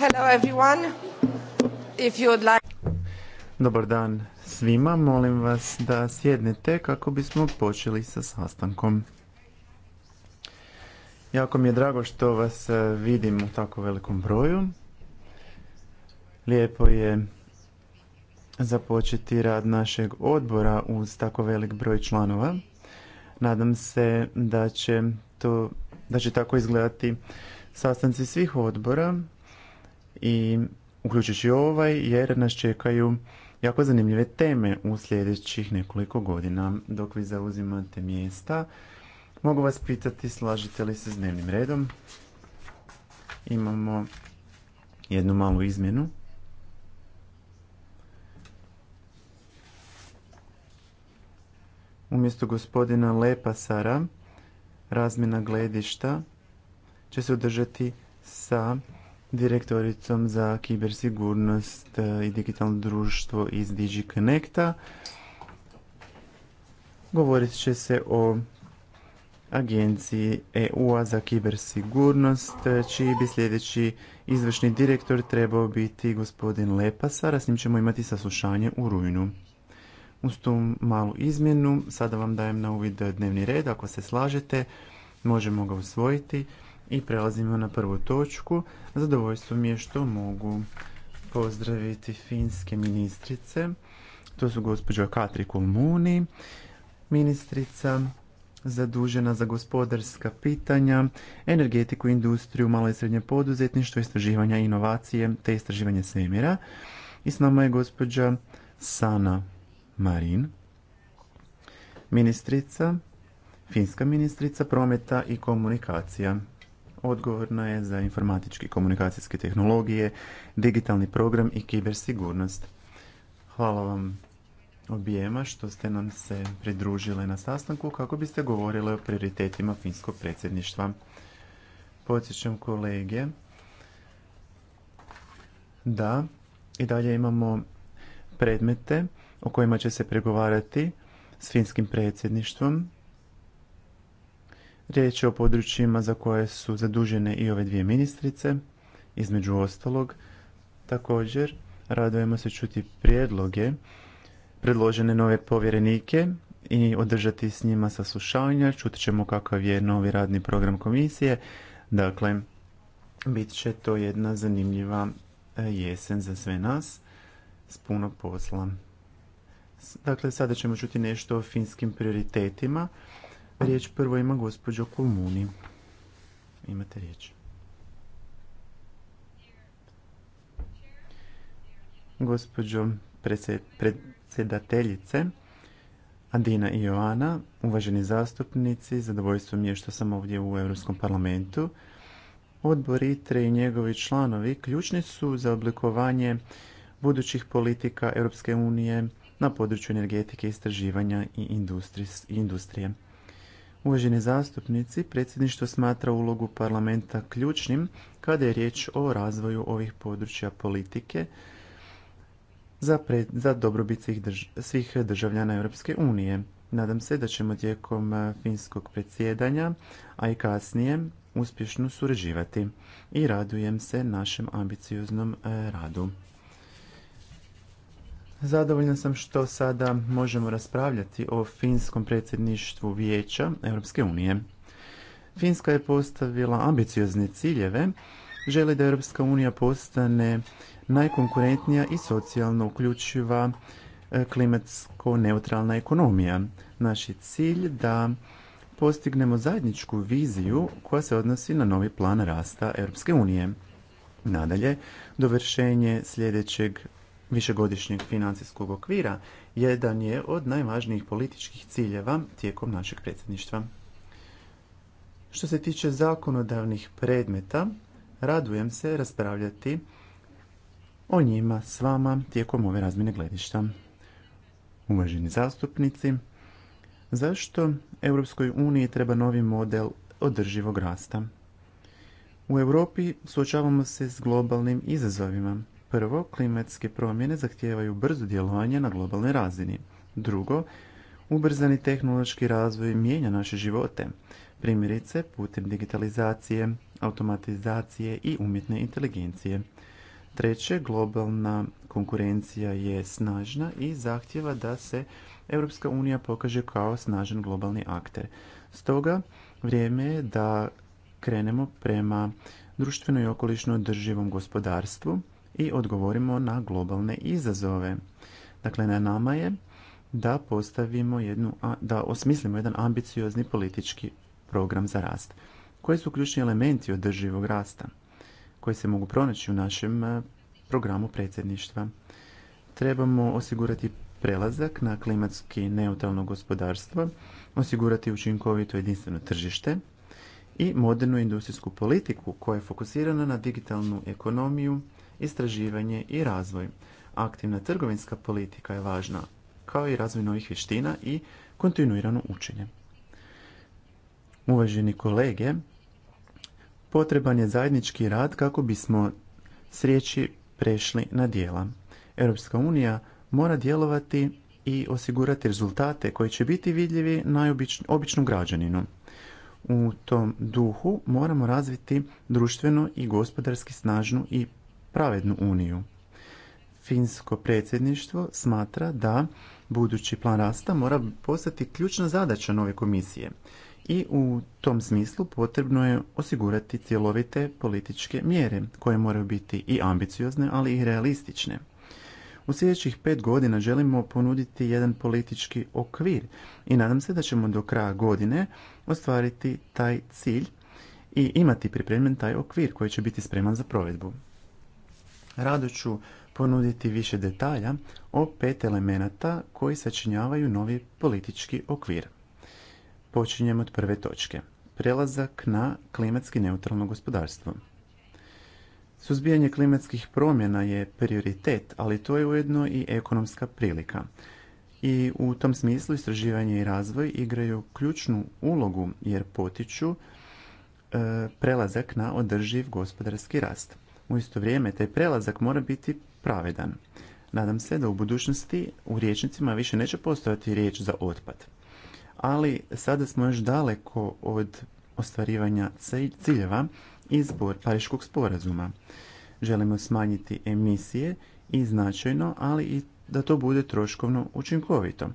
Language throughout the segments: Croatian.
Hello everyone. Dobar dan svima, molim vas da sjednete kako bismo počeli sa sastankom. Jako mi je drago što vas e, vidim u tako velikom broju. Lijepo je započeti rad našeg odbora uz tako velik broj članova. Nadam se da će, to, da će tako izgledati sastanci svih odbora i uključujući ovaj jer nas čekaju jako zanimljive teme u sljedećih nekoliko godina. Dok vi zauzimate mjesta, mogu vas pitati slažete li se s dnevnim redom. Imamo jednu malu izmjenu. Umjesto gospodina Lepasara, razmjena gledišta će se održati sa direktoricom za kibersigurnost e, i digitalno društvo iz DigiConnecta. Govorit će se o agenciji EU-a za kibersigurnost, e, čiji bi sljedeći izvršni direktor trebao biti gospodin Lepasar, a s njim ćemo imati saslušanje u rujnu. Uz tu malu izmjenu sada vam dajem na uvid dnevni red, ako se slažete možemo ga usvojiti. I prelazimo na prvu točku. Zadovoljstvo mi je što mogu pozdraviti finske ministrice. To su gospođa Katri Kulmuni, ministrica zadužena za gospodarska pitanja, energetiku, industriju, malo i srednje poduzetništvo, istraživanja inovacije te istraživanje svemira. I s nama je gospođa Sana Marin, ministrica, finska ministrica prometa i komunikacija odgovorna je za informatički komunikacijske tehnologije, digitalni program i kibersigurnost. Hvala vam objema što ste nam se pridružile na sastanku kako biste govorile o prioritetima finskog predsjedništva. Podsjećam kolege da i dalje imamo predmete o kojima će se pregovarati s finskim predsjedništvom Riječ je o područjima za koje su zadužene i ove dvije ministrice, između ostalog. Također, radujemo se čuti prijedloge, predložene nove povjerenike i održati s njima saslušanja. Čut ćemo kakav je novi radni program komisije. Dakle, bit će to jedna zanimljiva e, jesen za sve nas s puno posla. Dakle, sada ćemo čuti nešto o finskim prioritetima. Riječ prvo ima gospođo Kulmuni. Imate riječ. Gospođo predsjedateljice, Adina i Joana, uvaženi zastupnici, zadovoljstvo mi je što sam ovdje u Europskom parlamentu. Odbor ITRE i njegovi članovi ključni su za oblikovanje budućih politika Europske unije na području energetike, istraživanja i industrije. Uvaženi zastupnici, predsjedništvo smatra ulogu parlamenta ključnim kada je riječ o razvoju ovih područja politike za, za dobrobit svih, državljana Europske unije. Nadam se da ćemo tijekom eh, finskog predsjedanja, a i kasnije, uspješno surađivati i radujem se našem ambicioznom eh, radu. Zadovoljna sam što sada možemo raspravljati o finskom predsjedništvu vijeća Europske unije. Finska je postavila ambiciozne ciljeve, želi da Europska unija postane najkonkurentnija i socijalno uključiva e, klimatsko neutralna ekonomija. Naš je cilj da postignemo zajedničku viziju koja se odnosi na novi plan rasta Europske unije. Nadalje, dovršenje sljedećeg višegodišnjeg financijskog okvira jedan je od najvažnijih političkih ciljeva tijekom našeg predsjedništva. Što se tiče zakonodavnih predmeta, radujem se raspravljati o njima s vama tijekom ove razmjene gledišta. Uvaženi zastupnici, zašto Europskoj uniji treba novi model održivog rasta? U Europi suočavamo se s globalnim izazovima. Prvo, klimatske promjene zahtijevaju brzo djelovanje na globalnoj razini. Drugo, ubrzani tehnološki razvoj mijenja naše živote, primjerice putem digitalizacije, automatizacije i umjetne inteligencije. Treće, globalna konkurencija je snažna i zahtjeva da se Europska unija pokaže kao snažan globalni akter. Stoga, vrijeme je da krenemo prema društveno i okolišno održivom gospodarstvu i odgovorimo na globalne izazove. Dakle, na nama je da postavimo jednu, da osmislimo jedan ambiciozni politički program za rast. Koji su ključni elementi održivog rasta koji se mogu pronaći u našem programu predsjedništva? Trebamo osigurati prelazak na klimatski neutralno gospodarstvo, osigurati učinkovito jedinstveno tržište i modernu industrijsku politiku koja je fokusirana na digitalnu ekonomiju, istraživanje i razvoj. Aktivna trgovinska politika je važna, kao i razvoj novih vještina i kontinuirano učenje. Uvaženi kolege, potreban je zajednički rad kako bismo s riječi prešli na dijela. Europska unija mora djelovati i osigurati rezultate koji će biti vidljivi najobičnom građaninu. U tom duhu moramo razviti društveno i gospodarski snažnu i pravednu uniju. Finsko predsjedništvo smatra da budući plan rasta mora postati ključna zadaća nove komisije i u tom smislu potrebno je osigurati cjelovite političke mjere koje moraju biti i ambiciozne ali i realistične. U sljedećih pet godina želimo ponuditi jedan politički okvir i nadam se da ćemo do kraja godine ostvariti taj cilj i imati pripremljen taj okvir koji će biti spreman za provedbu. Rado ću ponuditi više detalja o pet elemenata koji sačinjavaju novi politički okvir. Počinjem od prve točke. Prelazak na klimatski neutralno gospodarstvo. Suzbijanje klimatskih promjena je prioritet, ali to je ujedno i ekonomska prilika. I u tom smislu istraživanje i razvoj igraju ključnu ulogu jer potiču e, prelazak na održiv gospodarski rast. U isto vrijeme, taj prelazak mora biti pravedan. Nadam se da u budućnosti u riječnicima više neće postojati riječ za otpad. Ali sada smo još daleko od ostvarivanja ciljeva iz Pariškog sporazuma. Želimo smanjiti emisije i značajno, ali i da to bude troškovno učinkovito.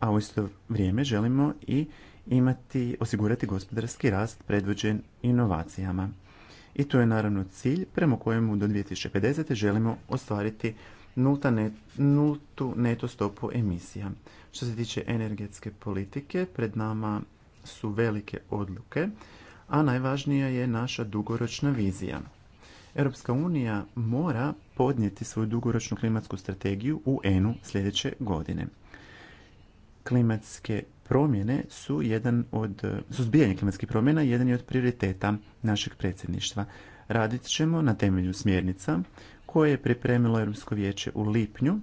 A u isto vrijeme želimo i imati, osigurati gospodarski rast predvođen inovacijama. I to je naravno cilj prema kojemu do 2050. želimo ostvariti nultu neto stopu emisija. Što se tiče energetske politike, pred nama su velike odluke, a najvažnija je naša dugoročna vizija. Europska unija mora podnijeti svoju dugoročnu klimatsku strategiju u enu sljedeće godine klimatske promjene su jedan od, suzbijanje klimatskih promjena jedan je od prioriteta našeg predsjedništva. Radit ćemo na temelju smjernica koje je pripremilo Europsko vijeće u lipnju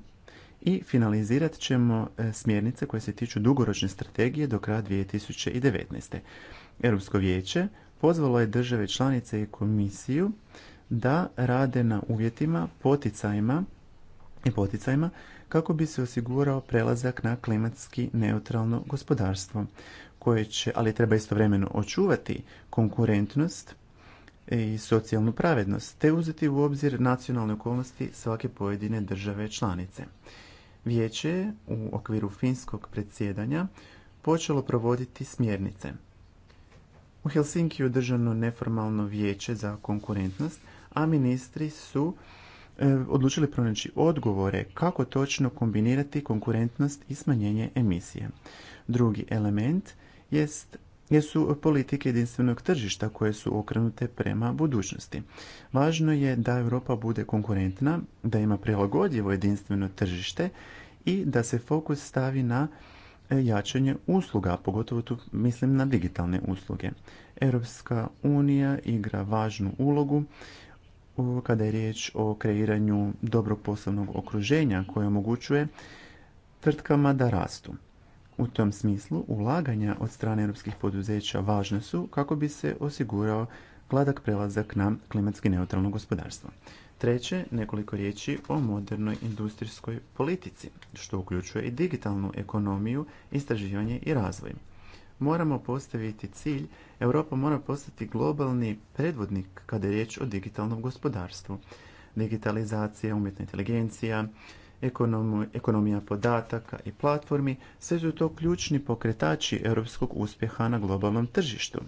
i finalizirat ćemo e, smjernice koje se tiču dugoročne strategije do kraja 2019. Europsko vijeće pozvalo je države članice i komisiju da rade na uvjetima, poticajima i poticajima kako bi se osigurao prelazak na klimatski neutralno gospodarstvo koje će, ali treba istovremeno očuvati konkurentnost i socijalnu pravednost, te uzeti u obzir nacionalne okolnosti svake pojedine države članice. Vijeće je u okviru finskog predsjedanja počelo provoditi smjernice. U Helsinki je održano neformalno vijeće za konkurentnost, a ministri su E, odlučili pronaći odgovore kako točno kombinirati konkurentnost i smanjenje emisije. Drugi element jest jesu politike jedinstvenog tržišta koje su okrenute prema budućnosti. Važno je da Europa bude konkurentna, da ima prilagodljivo jedinstveno tržište i da se fokus stavi na e, jačanje usluga, pogotovo tu mislim na digitalne usluge. Europska unija igra važnu ulogu kada je riječ o kreiranju dobrog poslovnog okruženja koje omogućuje tvrtkama da rastu. U tom smislu ulaganja od strane europskih poduzeća važne su kako bi se osigurao gladak prelazak na klimatski neutralno gospodarstvo. Treće, nekoliko riječi o modernoj industrijskoj politici, što uključuje i digitalnu ekonomiju, istraživanje i razvoj moramo postaviti cilj, Europa mora postati globalni predvodnik kada je riječ o digitalnom gospodarstvu. Digitalizacija, umjetna inteligencija, ekonomija podataka i platformi, sve su to ključni pokretači europskog uspjeha na globalnom tržištu.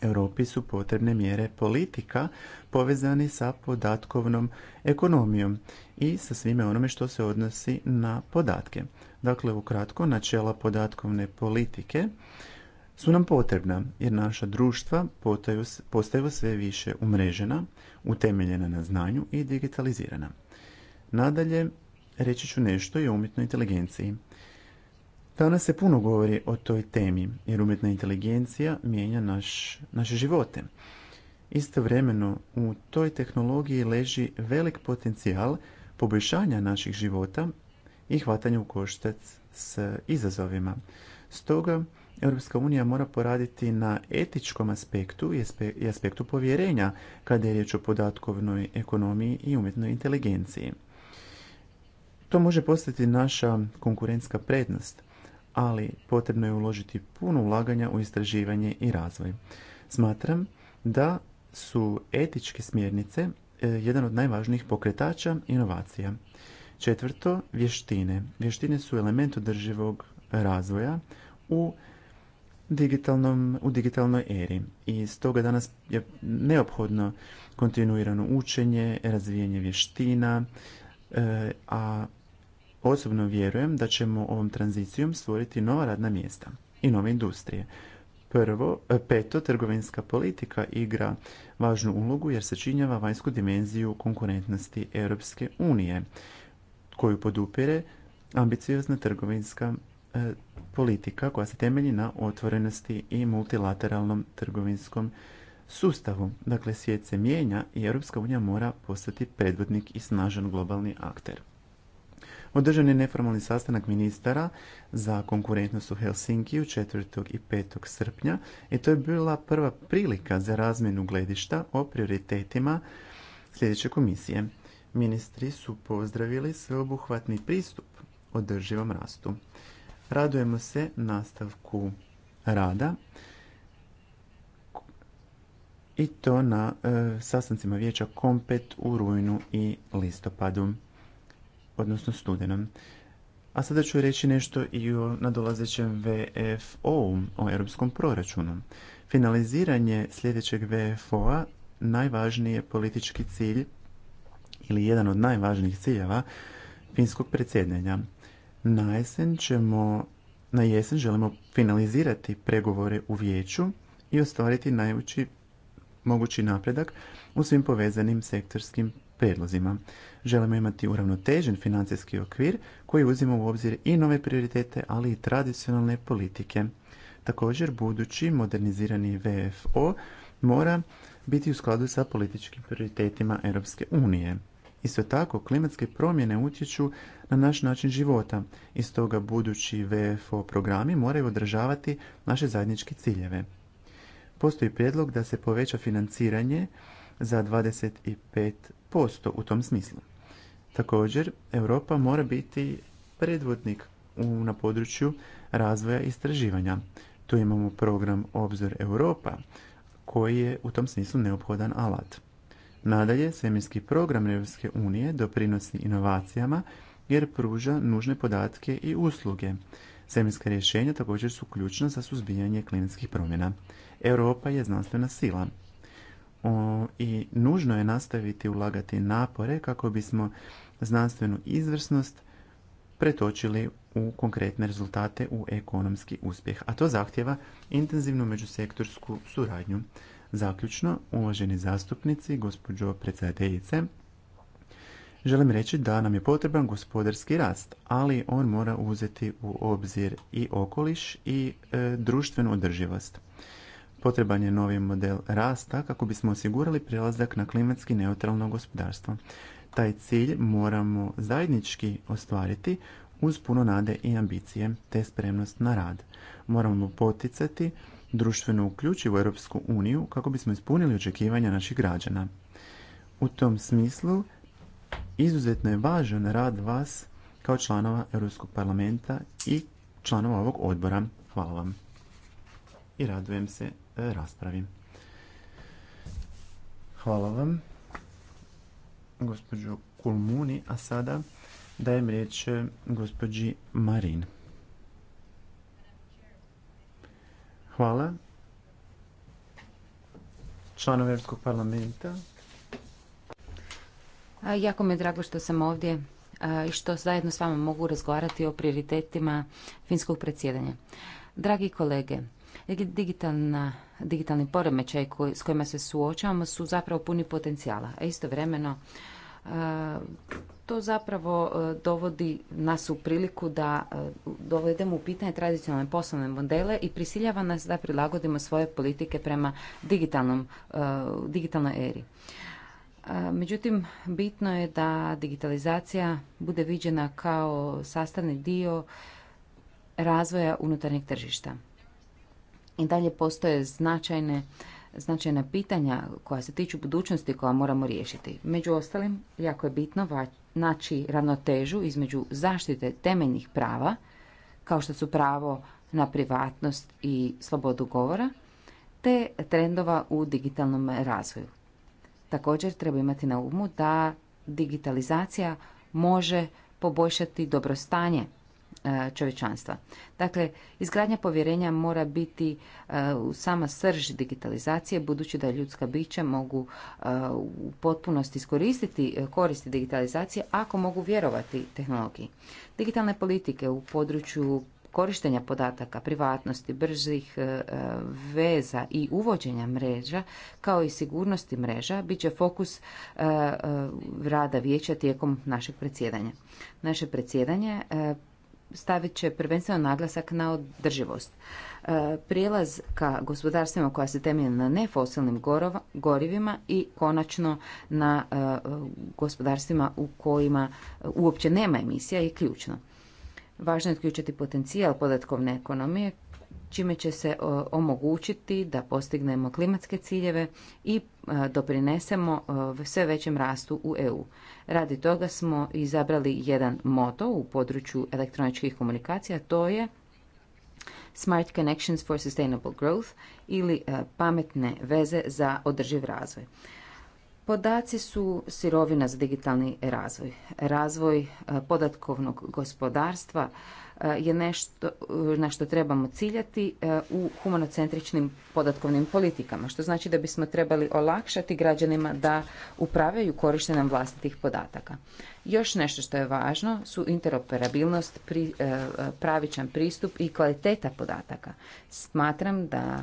Europi su potrebne mjere politika povezani sa podatkovnom ekonomijom i sa svime onome što se odnosi na podatke. Dakle, ukratko, načela podatkovne politike su nam potrebna jer naša društva postaju sve više umrežena, utemeljena na znanju i digitalizirana. Nadalje, reći ću nešto i o umjetnoj inteligenciji. Danas se puno govori o toj temi jer umjetna inteligencija mijenja naš, naše živote. Istovremeno u toj tehnologiji leži velik potencijal poboljšanja naših života i hvatanje u koštac s izazovima. Stoga, Europska unija mora poraditi na etičkom aspektu i aspektu povjerenja kada je riječ o podatkovnoj ekonomiji i umjetnoj inteligenciji. To može postati naša konkurentska prednost, ali potrebno je uložiti puno ulaganja u istraživanje i razvoj. Smatram da su etičke smjernice e, jedan od najvažnijih pokretača inovacija. Četvrto, vještine. Vještine su element održivog razvoja u digitalnom, u digitalnoj eri i stoga danas je neophodno kontinuirano učenje, razvijanje vještina, e, a osobno vjerujem da ćemo ovom tranzicijom stvoriti nova radna mjesta i nove industrije. Prvo, e, peto, trgovinska politika igra važnu ulogu jer činjava vanjsku dimenziju konkurentnosti Europske unije koju podupire ambiciozna trgovinska e, politika koja se temelji na otvorenosti i multilateralnom trgovinskom sustavu. Dakle, svijet se mijenja i Europska unija mora postati predvodnik i snažan globalni akter. Održan je neformalni sastanak ministara za konkurentnost u Helsinkiju 4. i 5. srpnja i to je bila prva prilika za razmjenu gledišta o prioritetima sljedeće komisije. Ministri su pozdravili sveobuhvatni pristup održivom rastu. Radujemo se nastavku rada i to na e, sastancima vijeća Kompet u rujnu i listopadu, odnosno studenom. A sada ću reći nešto i o nadolazećem vfo o europskom proračunu. Finaliziranje sljedećeg VFO-a najvažniji je politički cilj ili jedan od najvažnijih ciljeva finskog predsjedanja. Na jesen ćemo na jesen želimo finalizirati pregovore u vijeću i ostvariti najveći mogući napredak u svim povezanim sektorskim prijedlozima. Želimo imati uravnotežen financijski okvir koji uzima u obzir i nove prioritete, ali i tradicionalne politike. Također, budući modernizirani VFO mora biti u skladu sa političkim prioritetima Europske unije. Isto tako, klimatske promjene utječu na naš način života i stoga budući VFO programi moraju održavati naše zajedničke ciljeve. Postoji prijedlog da se poveća financiranje za 25% u tom smislu. Također, Europa mora biti predvodnik na području razvoja i istraživanja. Tu imamo program Obzor Europa koji je u tom smislu neophodan alat. Nadalje, svemirski program Europske unije doprinosi inovacijama jer pruža nužne podatke i usluge. Svemirska rješenja također su ključna za suzbijanje klimatskih promjena. Europa je znanstvena sila. I nužno je nastaviti ulagati napore kako bismo znanstvenu izvrsnost pretočili u konkretne rezultate u ekonomski uspjeh, a to zahtjeva intenzivnu međusektorsku suradnju. Zaključno, uvaženi zastupnici, gospođo predsjedateljice, želim reći da nam je potreban gospodarski rast, ali on mora uzeti u obzir i okoliš i e, društvenu održivost. Potreban je novi model rasta kako bismo osigurali prelazak na klimatski neutralno gospodarstvo. Taj cilj moramo zajednički ostvariti uz puno nade i ambicije te spremnost na rad. Moramo poticati društveno uključivu Europsku uniju kako bismo ispunili očekivanja naših građana. U tom smislu izuzetno je važan rad vas kao članova Europskog parlamenta i članova ovog odbora. Hvala vam i radujem se e, raspravi. Hvala vam, gospođo Kulmuni, a sada dajem riječ e, gospođi Marin. Hvala. Članovi Evropskog parlamenta. Jako mi je drago što sam ovdje i što zajedno s vama mogu razgovarati o prioritetima finskog predsjedanja. Dragi kolege, digitalna, digitalni poremećaj s kojima se suočavamo su zapravo puni potencijala, a istovremeno to zapravo e, dovodi nas u priliku da e, dovedemo u pitanje tradicionalne poslovne modele i prisiljava nas da prilagodimo svoje politike prema e, digitalnoj eri. Međutim, bitno je da digitalizacija bude viđena kao sastavni dio razvoja unutarnjeg tržišta. I dalje postoje značajne značajna pitanja koja se tiču budućnosti koja moramo riješiti. Među ostalim, jako je bitno naći ravnotežu između zaštite temeljnih prava, kao što su pravo na privatnost i slobodu govora, te trendova u digitalnom razvoju. Također treba imati na umu da digitalizacija može poboljšati dobrostanje E, čovječanstva. Dakle, izgradnja povjerenja mora biti e, u sama srž digitalizacije, budući da ljudska bića mogu e, u potpunosti iskoristiti koristi digitalizacije ako mogu vjerovati tehnologiji. Digitalne politike u području korištenja podataka, privatnosti, brzih veza i uvođenja mreža, kao i sigurnosti mreža, bit će fokus rada vijeća tijekom našeg predsjedanja. Naše predsjedanje stavit će prvenstveno naglasak na održivost. E, prijelaz ka gospodarstvima koja se temelje na nefosilnim gorivima i konačno na e, gospodarstvima u kojima uopće nema emisija je ključno. Važno je otključiti potencijal podatkovne ekonomije čime će se omogućiti da postignemo klimatske ciljeve i doprinesemo sve većem rastu u EU. Radi toga smo izabrali jedan moto u području elektroničkih komunikacija, to je Smart Connections for Sustainable Growth ili pametne veze za održiv razvoj. Podaci su sirovina za digitalni razvoj. Razvoj podatkovnog gospodarstva E, je nešto e, na što trebamo ciljati e, u humanocentričnim podatkovnim politikama, što znači da bismo trebali olakšati građanima da upravljaju korištenjem vlastitih podataka. Još nešto što je važno su interoperabilnost, pravičan pristup i kvaliteta podataka. Smatram da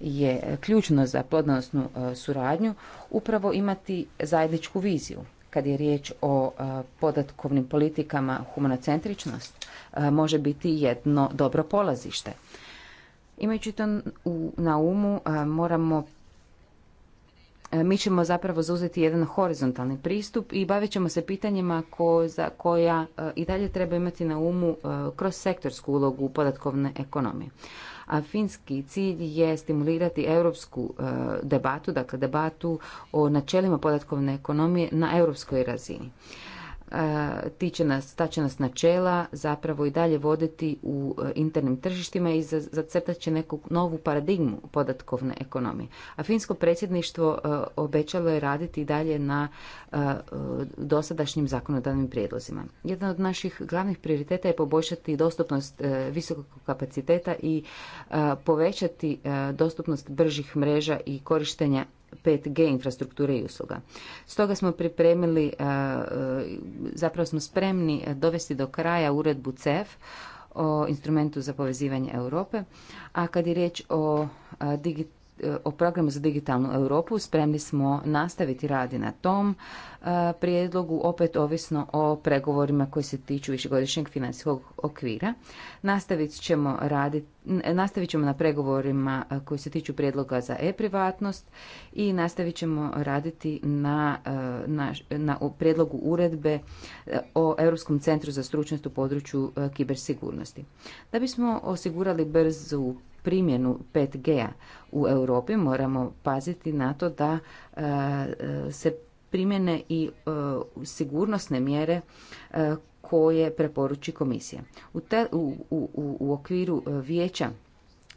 je ključno za plodonosnu suradnju upravo imati zajedničku viziju. Kad je riječ o podatkovnim politikama humanocentričnost, E, može biti jedno dobro polazište. Imajući to na umu, e, moramo e, mi ćemo zapravo zauzeti jedan horizontalni pristup i bavit ćemo se pitanjima ko, za koja i dalje treba imati na umu kroz sektorsku ulogu podatkovne ekonomije. A finski cilj je stimulirati europsku debatu, dakle debatu o načelima podatkovne ekonomije na europskoj razini tiče nas, će nas načela zapravo i dalje voditi u e, internim tržištima i zacrtat će neku novu paradigmu podatkovne ekonomije. A finsko predsjedništvo e, obećalo je raditi i dalje na e, dosadašnjim zakonodavnim prijedlozima. Jedan od naših glavnih prioriteta je poboljšati dostupnost visokog kapaciteta i povećati dostupnost bržih mreža i korištenja 5G infrastrukture i usluga. Stoga smo pripremili, e, e, zapravo smo spremni dovesti do kraja uredbu CEF o instrumentu za povezivanje Europe, a kad je riječ o e, digitalnom o programu za digitalnu Europu spremni smo nastaviti radi na tom e, prijedlogu, opet ovisno o pregovorima koji se tiču višegodišnjeg financijskog okvira. Nastavit ćemo, na pregovorima e, koji se tiču prijedloga za e-privatnost i nastavit ćemo raditi na, e, na, na prijedlogu uredbe o Europskom centru za stručnost u području kibersigurnosti. Da bismo osigurali brzu primjenu 5G-a u Europi moramo paziti na to da e, se primjene i e, sigurnosne mjere e, koje preporuči komisija. U, okviru vijeća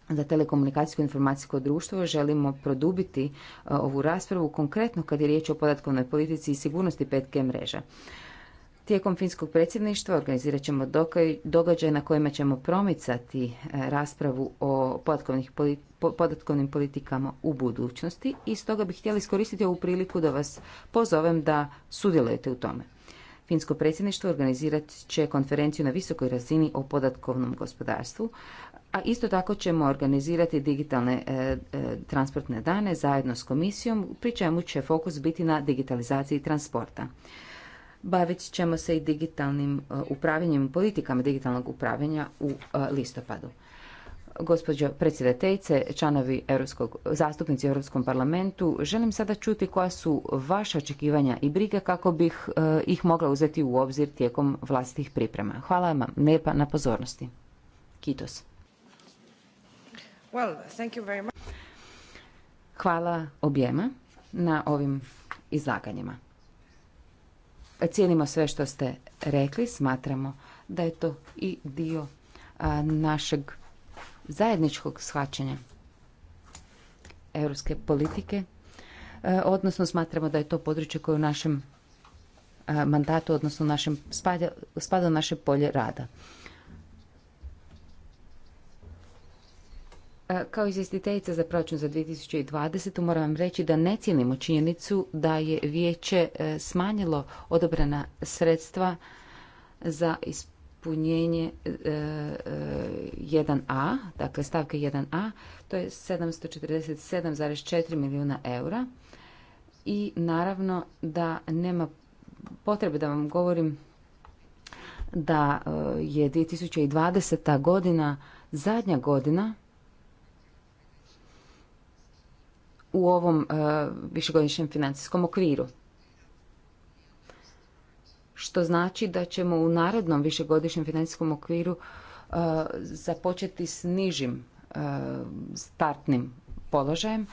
za telekomunikacijsko informacijsko društvo želimo produbiti ovu raspravu konkretno kad je riječ o podatkovnoj politici i sigurnosti 5G mreža. Tijekom finskog predsjedništva organizirat ćemo događaj na kojima ćemo promicati e, raspravu o podatkovnim politikama u budućnosti i stoga bih htjela iskoristiti ovu priliku da vas pozovem da sudjelujete u tome. Finsko predsjedništvo organizirat će konferenciju na visokoj razini o podatkovnom gospodarstvu, a isto tako ćemo organizirati digitalne e, e, transportne dane zajedno s komisijom, pri čemu će fokus biti na digitalizaciji transporta bavit ćemo se i digitalnim e, upravljanjem politikama digitalnog upravljanja u e, listopadu. Gospođo predsjedateljice, članovi Europskog, zastupnici u Europskom parlamentu, želim sada čuti koja su vaša očekivanja i brige kako bih e, ih mogla uzeti u obzir tijekom vlastitih priprema. Hvala vam lijepa na pozornosti. Kitos. Well, thank you very much. Hvala objema na ovim izlaganjima. Cijenimo sve što ste rekli, smatramo da je to i dio našeg zajedničkog shvaćanja europske politike, odnosno smatramo da je to područje koje u našem mandatu, odnosno našem spada, spada u naše polje rada. E, kao izvjestiteljica za proračun za 2020. moram vam reći da ne cijenimo činjenicu da je vijeće e, smanjilo odobrena sredstva za ispunjenje 1A, e, dakle stavke 1A, to je 747,4 milijuna eura. I naravno da nema potrebe da vam govorim da je 2020. godina zadnja godina u ovom e, višegodišnjem financijskom okviru. Što znači da ćemo u narednom višegodišnjem financijskom okviru e, započeti s nižim e, startnim položajem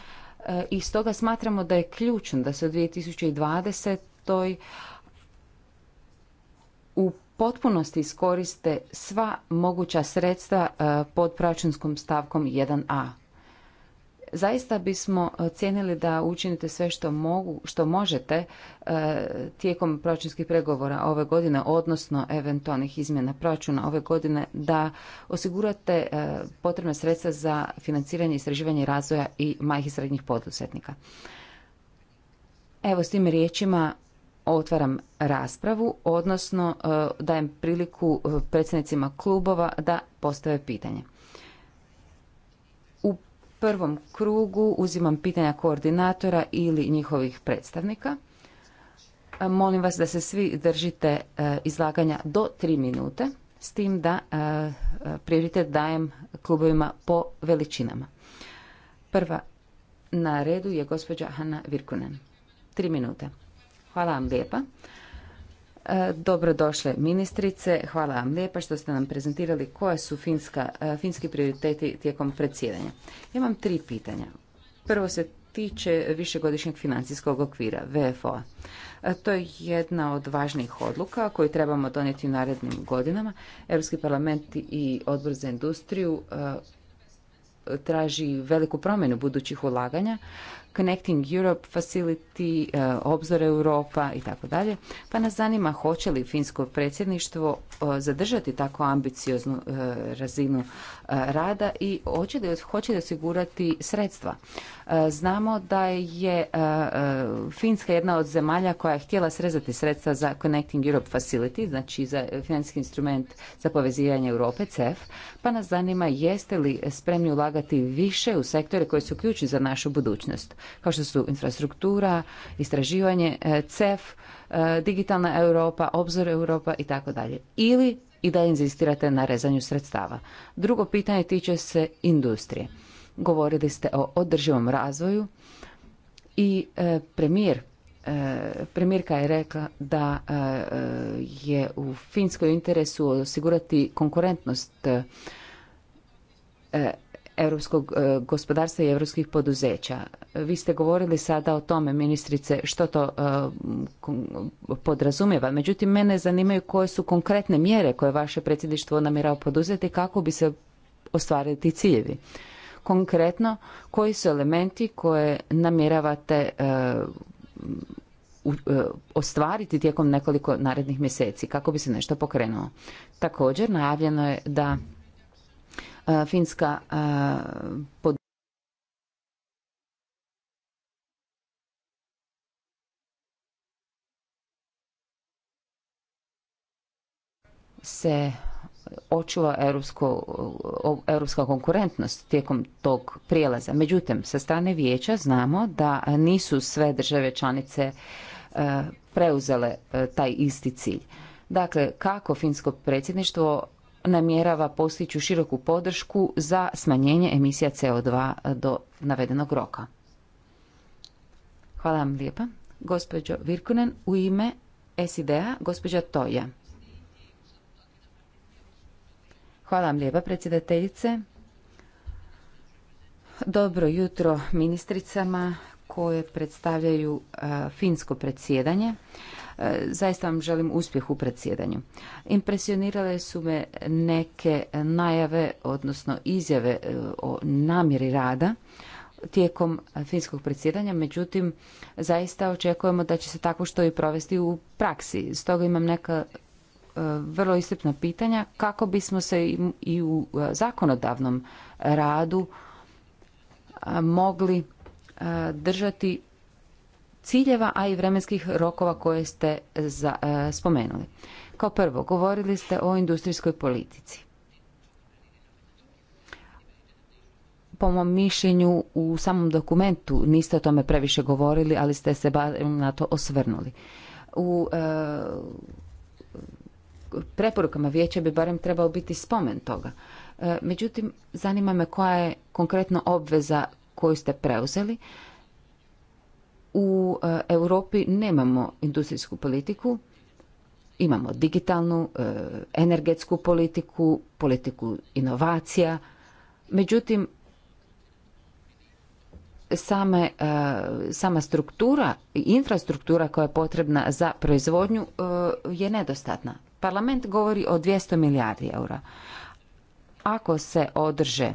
i stoga smatramo da je ključno da se u 2020. u potpunosti iskoriste sva moguća sredstva pod proračunskom stavkom 1a Zaista bismo e, cijenili da učinite sve što, mogu, što možete e, tijekom proračunskih pregovora ove godine, odnosno eventualnih izmjena proračuna ove godine, da osigurate e, potrebna sredstva za financiranje, istraživanje razvoja i majih i srednjih poduzetnika. Evo s tim riječima otvaram raspravu, odnosno dajem priliku predsjednicima klubova da postave pitanje prvom krugu uzimam pitanja koordinatora ili njihovih predstavnika. E, molim vas da se svi držite e, izlaganja do tri minute, s tim da e, prioritet dajem klubovima po veličinama. Prva na redu je gospođa Hanna Virkunen. Tri minute. Hvala vam lijepa. E, dobrodošle ministrice, hvala vam lijepa što ste nam prezentirali koje su finska, e, finski prioriteti tijekom predsjedanja. imam tri pitanja. Prvo se tiče višegodišnjeg financijskog okvira, VFO-a. E, to je jedna od važnijih odluka koju trebamo donijeti u narednim godinama. Europski parlament i odbor za industriju traži veliku promjenu budućih ulaganja Connecting Europe Facility, e, Obzor Europa i tako dalje. Pa nas zanima hoće li finsko predsjedništvo e, zadržati tako ambicioznu e, razinu rada i hoće da hoće li osigurati sredstva. Znamo da je Finska jedna od zemalja koja je htjela srezati sredstva za Connecting Europe Facility, znači za financijski instrument za povezivanje Europe, CEF, pa nas zanima jeste li spremni ulagati više u sektore koji su ključni za našu budućnost kao što su infrastruktura, istraživanje, e, CEF, e, digitalna Europa, obzor Europa i tako dalje. Ili i da inzistirate na rezanju sredstava. Drugo pitanje tiče se industrije. Govorili ste o održivom razvoju i e, premijer Premijerka je rekla da je u Finskoj interesu osigurati konkurentnost europskog e, gospodarstva i europskih poduzeća. Vi ste govorili sada o tome, ministrice, što to e, podrazumijeva. Međutim, mene zanimaju koje su konkretne mjere koje vaše predsjedništvo namjerava poduzeti kako bi se ostvarili ti ciljevi. Konkretno, koji su elementi koje namjeravate e, ostvariti tijekom nekoliko narednih mjeseci kako bi se nešto pokrenulo. Također, najavljeno je da finska pod se očuva europska konkurentnost tijekom tog prijelaza. Međutim, sa strane vijeća znamo da nisu sve države članice preuzele taj isti cilj. Dakle, kako finsko predsjedništvo namjerava postići široku podršku za smanjenje emisija CO2 do navedenog roka. Hvala vam lijepa. Gospođo Virkunen, u ime SID-a, gospođa Toja. Hvala vam lijepa, predsjedateljice. Dobro jutro ministricama koje predstavljaju e, finsko predsjedanje. E, zaista vam želim uspjeh u predsjedanju. Impresionirale su me neke najave, odnosno izjave e, o namjeri rada tijekom finskog predsjedanja, međutim zaista očekujemo da će se tako što i provesti u praksi. Stoga imam neka e, vrlo iscrpna pitanja kako bismo se i u zakonodavnom radu mogli držati ciljeva, a i vremenskih rokova koje ste e, za, e, spomenuli. Kao prvo, govorili ste o industrijskoj politici. Po mom mišljenju u samom dokumentu niste o tome previše govorili, ali ste se barem na to osvrnuli. U e, preporukama vijeća bi barem trebao biti spomen toga. međutim, zanima me koja je konkretno obveza koju ste preuzeli u e, Europi nemamo industrijsku politiku, imamo digitalnu, e, energetsku politiku, politiku inovacija, međutim same, e, sama struktura i infrastruktura koja je potrebna za proizvodnju je nedostatna. Parlament govori o 200 milijardi eura. Ako se održe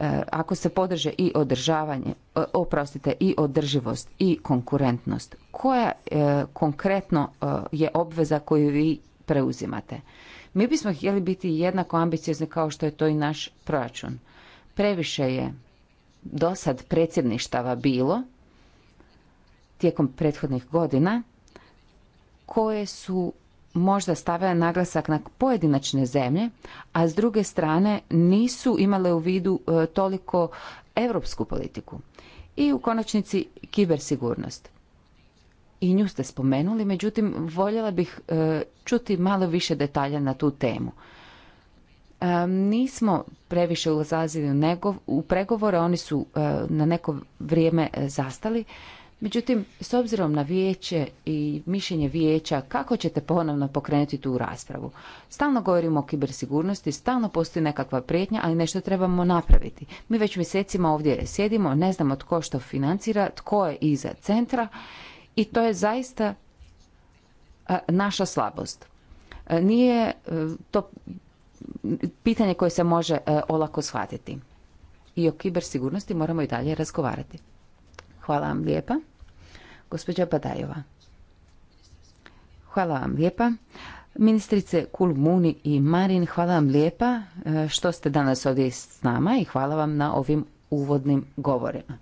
E, ako se podrže i održavanje, e, oprostite, i održivost i konkurentnost, koja e, konkretno je obveza koju vi preuzimate? Mi bismo htjeli biti jednako ambiciozni kao što je to i naš proračun. Previše je dosad predsjedništava bilo tijekom prethodnih godina koje su možda stavila naglasak na pojedinačne zemlje, a s druge strane nisu imale u vidu e, toliko europsku politiku. I u konačnici kibersigurnost. I nju ste spomenuli, međutim voljela bih e, čuti malo više detalja na tu temu. E, nismo previše ulazili u pregovore, oni su na neko vrijeme zastali. Međutim, s obzirom na vijeće i mišljenje vijeća, kako ćete ponovno pokrenuti tu raspravu? Stalno govorimo o kibersigurnosti, stalno postoji nekakva prijetnja, ali nešto trebamo napraviti. Mi već mjesecima ovdje sjedimo, ne znamo tko što financira, tko je iza centra i to je zaista e, naša slabost. E, nije e, to pitanje koje se može olako shvatiti. I o kibersigurnosti moramo i dalje razgovarati. Hvala vam lijepa. Gospođa Badajova. Hvala vam lijepa. Ministrice Kulmuni i Marin, hvala vam lijepa e, što ste danas ovdje s nama i hvala vam na ovim uvodnim govorima.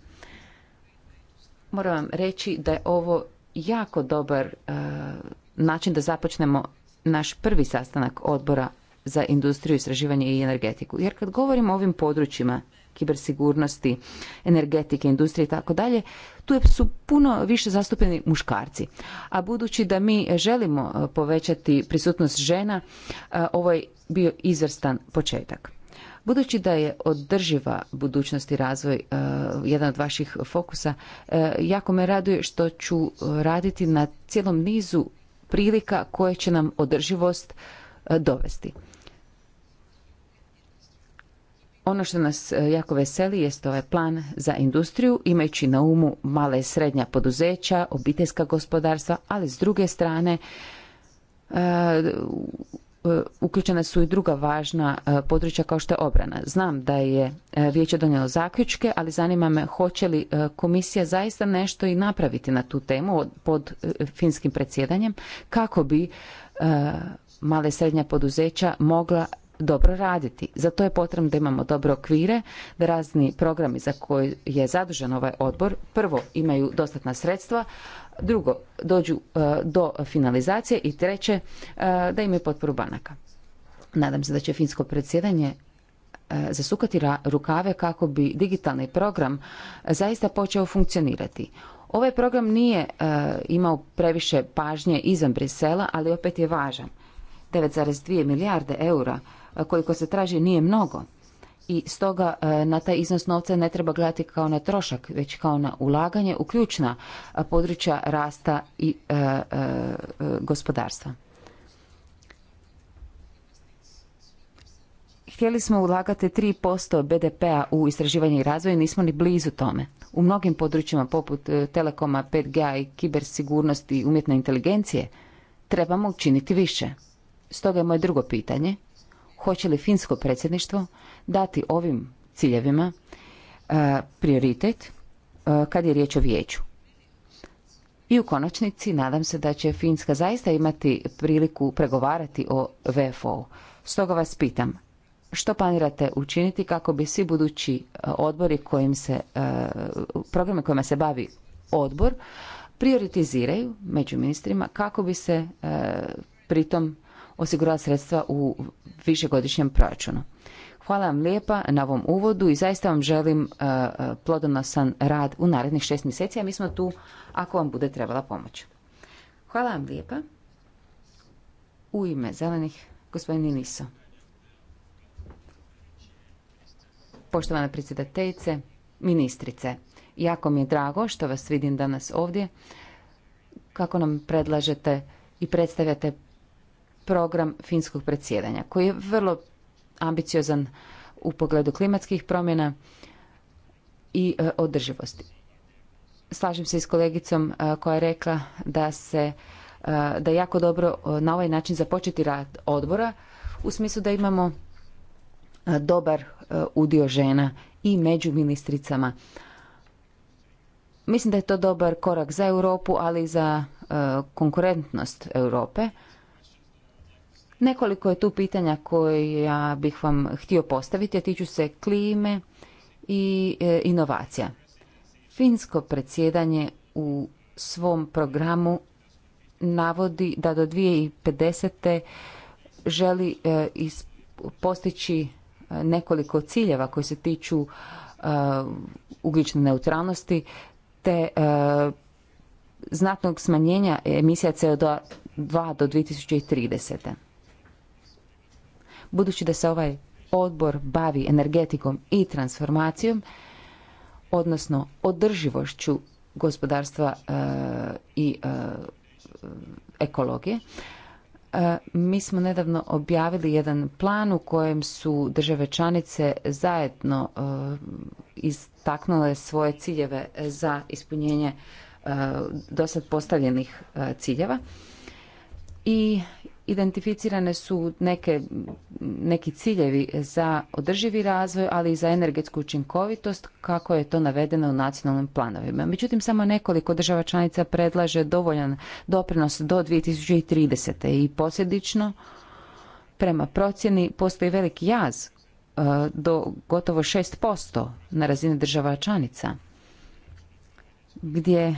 Moram vam reći da je ovo jako dobar e, način da započnemo naš prvi sastanak odbora za industriju, istraživanje i energetiku. Jer kad govorimo o ovim područjima kibersigurnosti, energetike, industrije i tako dalje, tu su puno više zastupljeni muškarci. A budući da mi želimo e, povećati prisutnost žena, e, ovo je bio izvrstan početak. Budući da je održiva budućnost i razvoj e, jedan od vaših fokusa, jako me raduje što ću raditi na cijelom nizu prilika koje će nam održivost dovesti. Ono što nas e, jako veseli jest ovaj plan za industriju, imajući na umu male i srednja poduzeća, obiteljska gospodarstva, ali s druge strane e, e, uključena su i druga važna područja kao što je obrana. Znam da je vijeće donijelo zaključke, ali zanima me hoće li komisija zaista nešto i napraviti na tu temu pod finskim predsjedanjem kako bi male i srednja poduzeća mogla dobro raditi. Za to je potrebno da imamo dobre okvire, da razni programi za koje je zadužen ovaj odbor prvo imaju dostatna sredstva, drugo dođu e, do finalizacije i treće e, da imaju potporu banaka. Nadam se da će finsko predsjedanje e, zasukati rukave kako bi digitalni program zaista počeo funkcionirati. Ovaj program nije imao previše pažnje izvan Brisela, ali opet je važan. 9,2 milijarde eura koliko se traži nije mnogo i stoga e, na taj iznos novca ne treba gledati kao na trošak, već kao na ulaganje u ključna područja rasta i e, e, gospodarstva. Htjeli smo ulagati 3% BDP-a u istraživanje i razvoj, nismo ni blizu tome. U mnogim područjima poput telekoma, 5G i kibersigurnosti i umjetne inteligencije trebamo učiniti više. Stoga je moje drugo pitanje – hoće li finsko predsjedništvo dati ovim ciljevima e, prioritet e, kad je riječ o vijeću. I u konačnici nadam se da će Finska zaista imati priliku pregovarati o VFO-u. Stoga vas pitam, što planirate učiniti kako bi svi budući e, odbori kojim se, programe kojima se bavi odbor, prioritiziraju među ministrima kako bi se pritom osigurala sredstva u višegodišnjem proračunu. Hvala vam lijepa na ovom uvodu i zaista vam želim e, e, plodonosan rad u narednih šest mjeseci, a mi smo tu ako vam bude trebala pomoć. Hvala vam lijepa. U ime zelenih, gospodin Niso. Poštovana predsjedateljice, ministrice, jako mi je drago što vas vidim danas ovdje, kako nam predlažete i predstavljate program finskog predsjedanja koji je vrlo ambiciozan u pogledu klimatskih promjena i e, održivosti. Slažem se i s kolegicom e, koja je rekla da se e, da je jako dobro na ovaj način započeti rad odbora u smislu da imamo dobar udio žena i među ministricama. Mislim da je to dobar korak za Europu, ali i za konkurentnost Europe Nekoliko je tu pitanja koja bih vam htio postaviti, a tiču se klime i e, inovacija. Finsko predsjedanje u svom programu navodi da do 2050. želi e, postići e, nekoliko ciljeva koji se tiču ugljične neutralnosti te znatnog smanjenja emisija CO2 do 2030. Budući da se ovaj odbor bavi energetikom i transformacijom, odnosno održivošću gospodarstva e, i e, ekologije, e, mi smo nedavno objavili jedan plan u kojem su države članice zajedno istaknule svoje ciljeve za ispunjenje dosad postavljenih ciljeva i identificirane su neke, neki ciljevi za održivi razvoj, ali i za energetsku učinkovitost kako je to navedeno u nacionalnim planovima. Međutim, samo nekoliko država članica predlaže dovoljan doprinos do 2030. i posljedično prema procjeni postoji veliki jaz e, do gotovo 6% na razini država članica gdje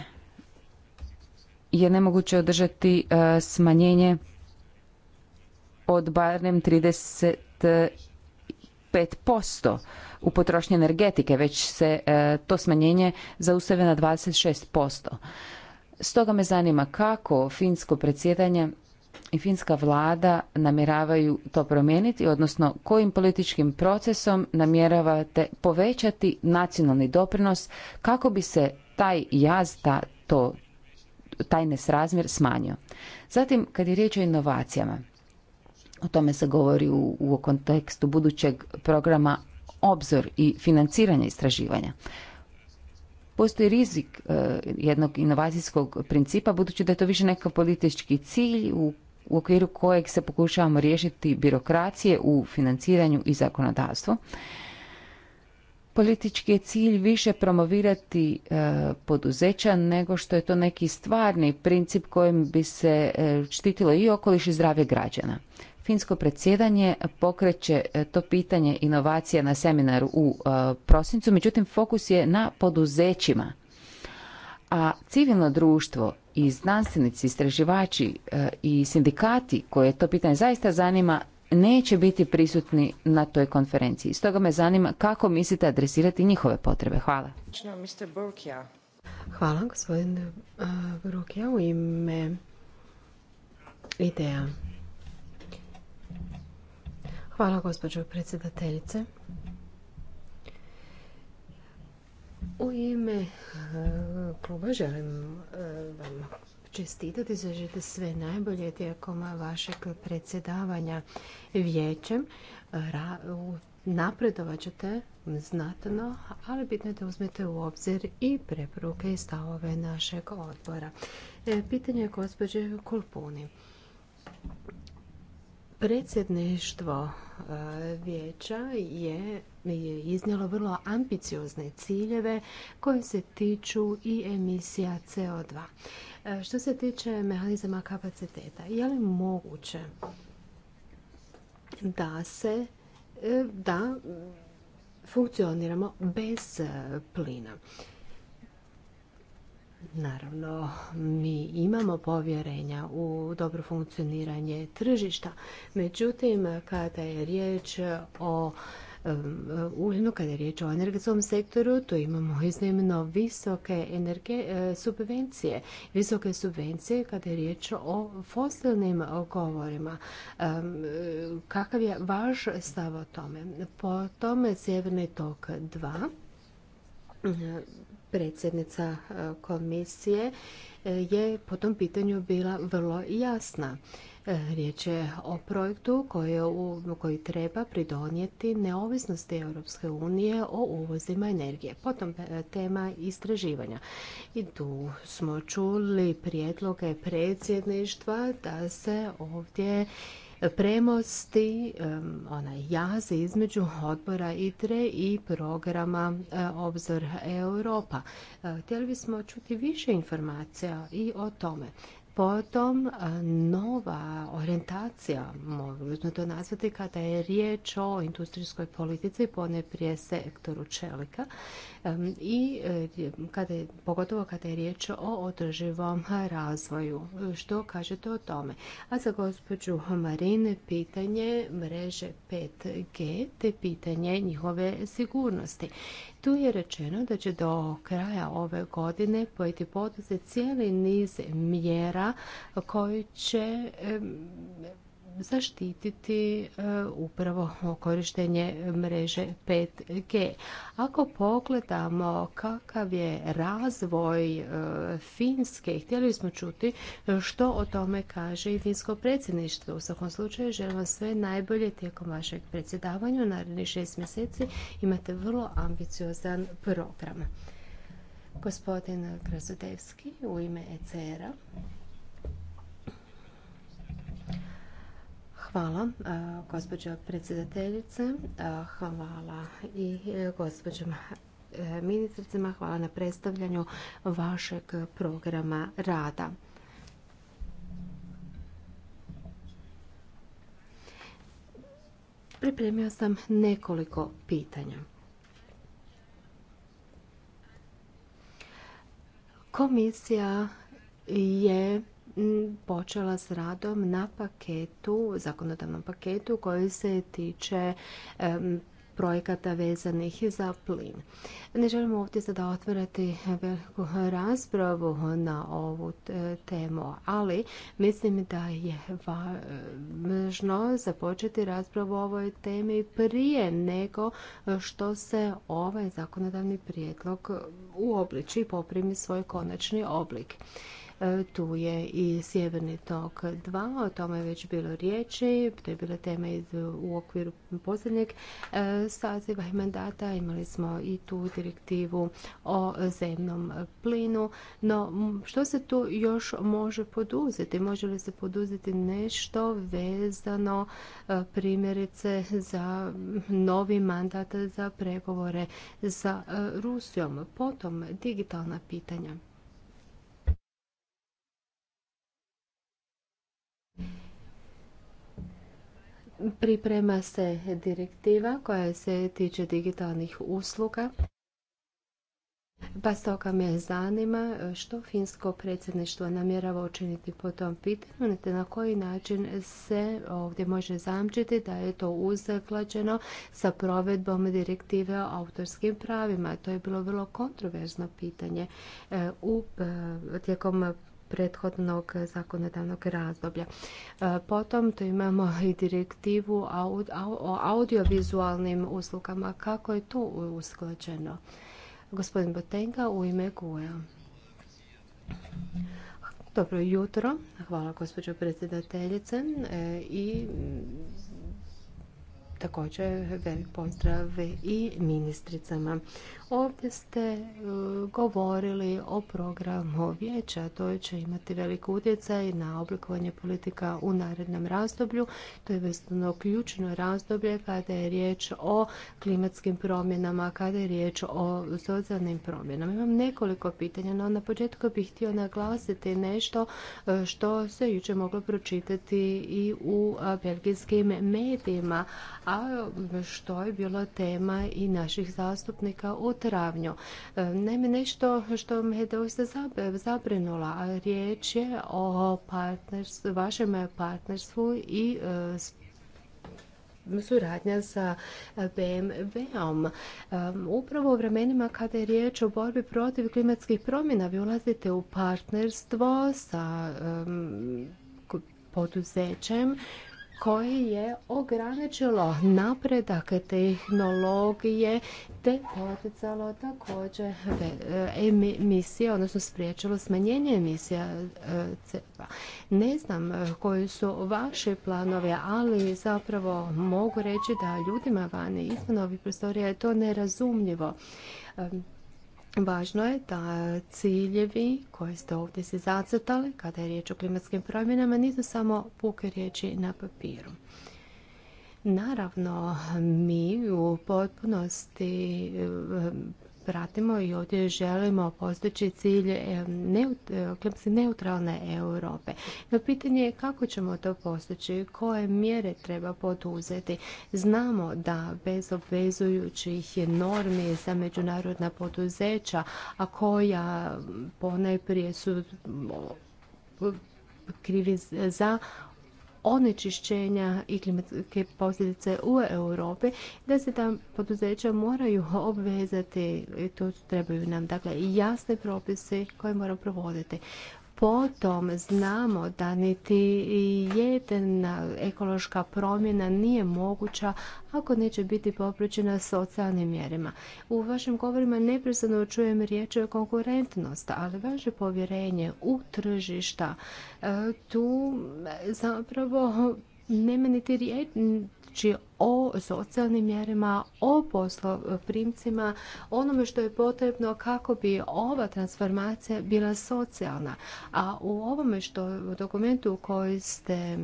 je nemoguće održati e, smanjenje od barem 35% u potrošnji energetike, već se e, to smanjenje zaustave na 26%. Stoga me zanima kako finsko predsjedanje i finska vlada namjeravaju to promijeniti, odnosno kojim političkim procesom namjeravate povećati nacionalni doprinos kako bi se taj jaz, ta, to, taj nesrazmjer smanjio. Zatim, kad je riječ o inovacijama, o tome se govori u, kontekstu budućeg programa obzor i financiranje istraživanja. Postoji rizik e, jednog inovacijskog principa budući da je to više neka politički cilj u, okviru kojeg se pokušavamo riješiti birokracije u financiranju i zakonodavstvu. Politički je cilj više promovirati e, poduzeća nego što je to neki stvarni princip kojim bi se e, štitilo i okoliš i zdravlje građana. Finsko predsjedanje pokreće e, to pitanje inovacija na seminaru u e, prosincu, međutim fokus je na poduzećima. A civilno društvo i znanstvenici, istraživači e, i sindikati koje to pitanje zaista zanima, neće biti prisutni na toj konferenciji. Stoga me zanima kako mislite adresirati njihove potrebe. Hvala. Hvala, gospodine Brokja, u ime ideja. Hvala gospođo predsjedateljice. U ime e, kluba želim e, vam čestitati, zaželite sve najbolje tijekom vašeg predsjedavanja vijećem. Napredovat ćete znatno, ali bitno je da uzmete u obzir i preporuke i stavove našeg odbora. E, pitanje je gospođe Kulpuni. Predsjedništvo e, vijeća je iznijelo vrlo ambiciozne ciljeve koji se tiču i emisija CO2. E, što se tiče mehanizama kapaciteta, je li moguće da se e, da funkcioniramo bez plina? Naravno, mi imamo povjerenja u dobro funkcioniranje tržišta, međutim, kada je riječ o uljenu, kada je riječ o energetskom sektoru, tu imamo iznimno visoke e, subvencije. Visoke subvencije kada je riječ o fosilnim govorima. Kakav je vaš stav o tome? Potom Sjeverni tok 2 predsjednica e, komisije e, je po tom pitanju bila vrlo jasna. E, riječ je o projektu koji, koji treba pridonijeti neovisnosti Europske unije o uvozima energije. Potom tema istraživanja. I tu smo čuli prijedloge predsjedništva da se ovdje premosti onaj jaz između odbora ITRE i programa e, Obzor Europa. E, htjeli bismo čuti više informacija i o tome. Potom e, nova orijentacija, možemo to nazvati kada je riječ o industrijskoj politici, pone prije sektoru čelika i e, kada je, pogotovo kada je riječ o održivom razvoju. Što kažete o tome? A za gospođu Marine, pitanje mreže 5G te pitanje njihove sigurnosti. Tu je rečeno da će do kraja ove godine pojeti poduzet cijeli niz mjera koji će zaštititi e, upravo korištenje mreže 5G. Ako pogledamo kakav je razvoj e, Finske, htjeli smo čuti što o tome kaže i Finsko predsjedništvo. U svakom slučaju želim vam sve najbolje tijekom vašeg predsjedavanja. U narednih šest mjeseci imate vrlo ambiciozan program. Gospodin Krasudevski, u ime ECR-a. Hvala, e, gospođo predsjedateljice. E, hvala i e, gospođo ministricama. Hvala na predstavljanju vašeg programa rada. Pripremio sam nekoliko pitanja. Komisija je počela s radom na paketu, zakonodavnom paketu koji se tiče projekata vezanih za plin. Ne želimo ovdje sada otvarati veliku raspravu na ovu temu, ali mislim da je važno započeti raspravu o ovoj temi prije nego što se ovaj zakonodavni prijedlog uobliči i poprimi svoj konačni oblik. E, tu je i Sjeverni tok 2, o tome je već bilo riječi, to je bila tema u okviru posljednjeg e, saziva i mandata. Imali smo i tu direktivu o zemnom plinu. No, što se tu još može poduzeti? Može li se poduzeti nešto vezano e, primjerice za novi mandat za pregovore sa Rusijom? Potom digitalna pitanja. Priprema se direktiva koja se tiče digitalnih usluga. Pa stoga me zanima što finsko predsjedništvo namjerava učiniti po tom pitanju, te na koji način se ovdje može zamčiti da je to usklađeno sa provedbom direktive o autorskim pravima. To je bilo vrlo kontroverzno pitanje e, u e, tijekom prethodnog zakonodavnog razdoblja. E, potom tu imamo i direktivu o audiovizualnim uslugama. Kako je tu usklađeno? Gospodin Botenga u ime Guja. Dobro jutro. Hvala gospođo predsjedateljice e, i također velik pozdrav i ministricama. Ovdje ste e, govorili o programu vijeća, to će imati velik utjecaj na oblikovanje politika u narednom razdoblju. To je vesno ključno razdoblje kada je riječ o klimatskim promjenama, kada je riječ o socijalnim promjenama. Imam nekoliko pitanja, no na početku bih htio naglasiti nešto e, što se jučer moglo pročitati i u belgijskim medijima, a što je bilo tema i naših zastupnika u travnju. E, naime, nešto što me doista zabrinula, riječ je o vašem partnerstvu i e, suradnja sa BMW-om. E, upravo u vremenima kada je riječ o borbi protiv klimatskih promjena vi ulazite u partnerstvo sa poduzećem koje je ograničilo napredak tehnologije te poticalo također e, emisije, odnosno spriječilo smanjenje emisija e, CEPA. Ne znam e, koji su vaši planove, ali zapravo mogu reći da ljudima vani izvan ovih prostorija je to nerazumljivo Važno je da ciljevi koje ste ovdje se zacrtali kada je riječ o klimatskim promjenama nisu samo puke riječi na papiru. Naravno, mi u potpunosti pratimo i ovdje želimo postići cilj e, e, neutralne Europe. No pitanje je kako ćemo to postići, koje mjere treba poduzeti. Znamo da bez obvezujućih normi za međunarodna poduzeća, a koja ponajprije su krivi za onečišćenja i klimatske posljedice u Europi, da se ta poduzeća moraju obvezati, to trebaju nam dakle jasne propise koje moramo provoditi. Potom znamo da niti jedna ekološka promjena nije moguća ako neće biti popričena socijalnim mjerima. U vašim govorima neprestano čujem riječ o konkurentnost, ali vaše povjerenje u tržišta e, tu zapravo nema niti riječ, o socijalnim mjerima, o posloprimcima, onome što je potrebno kako bi ova transformacija bila socijalna. A u ovome što u dokumentu koji ste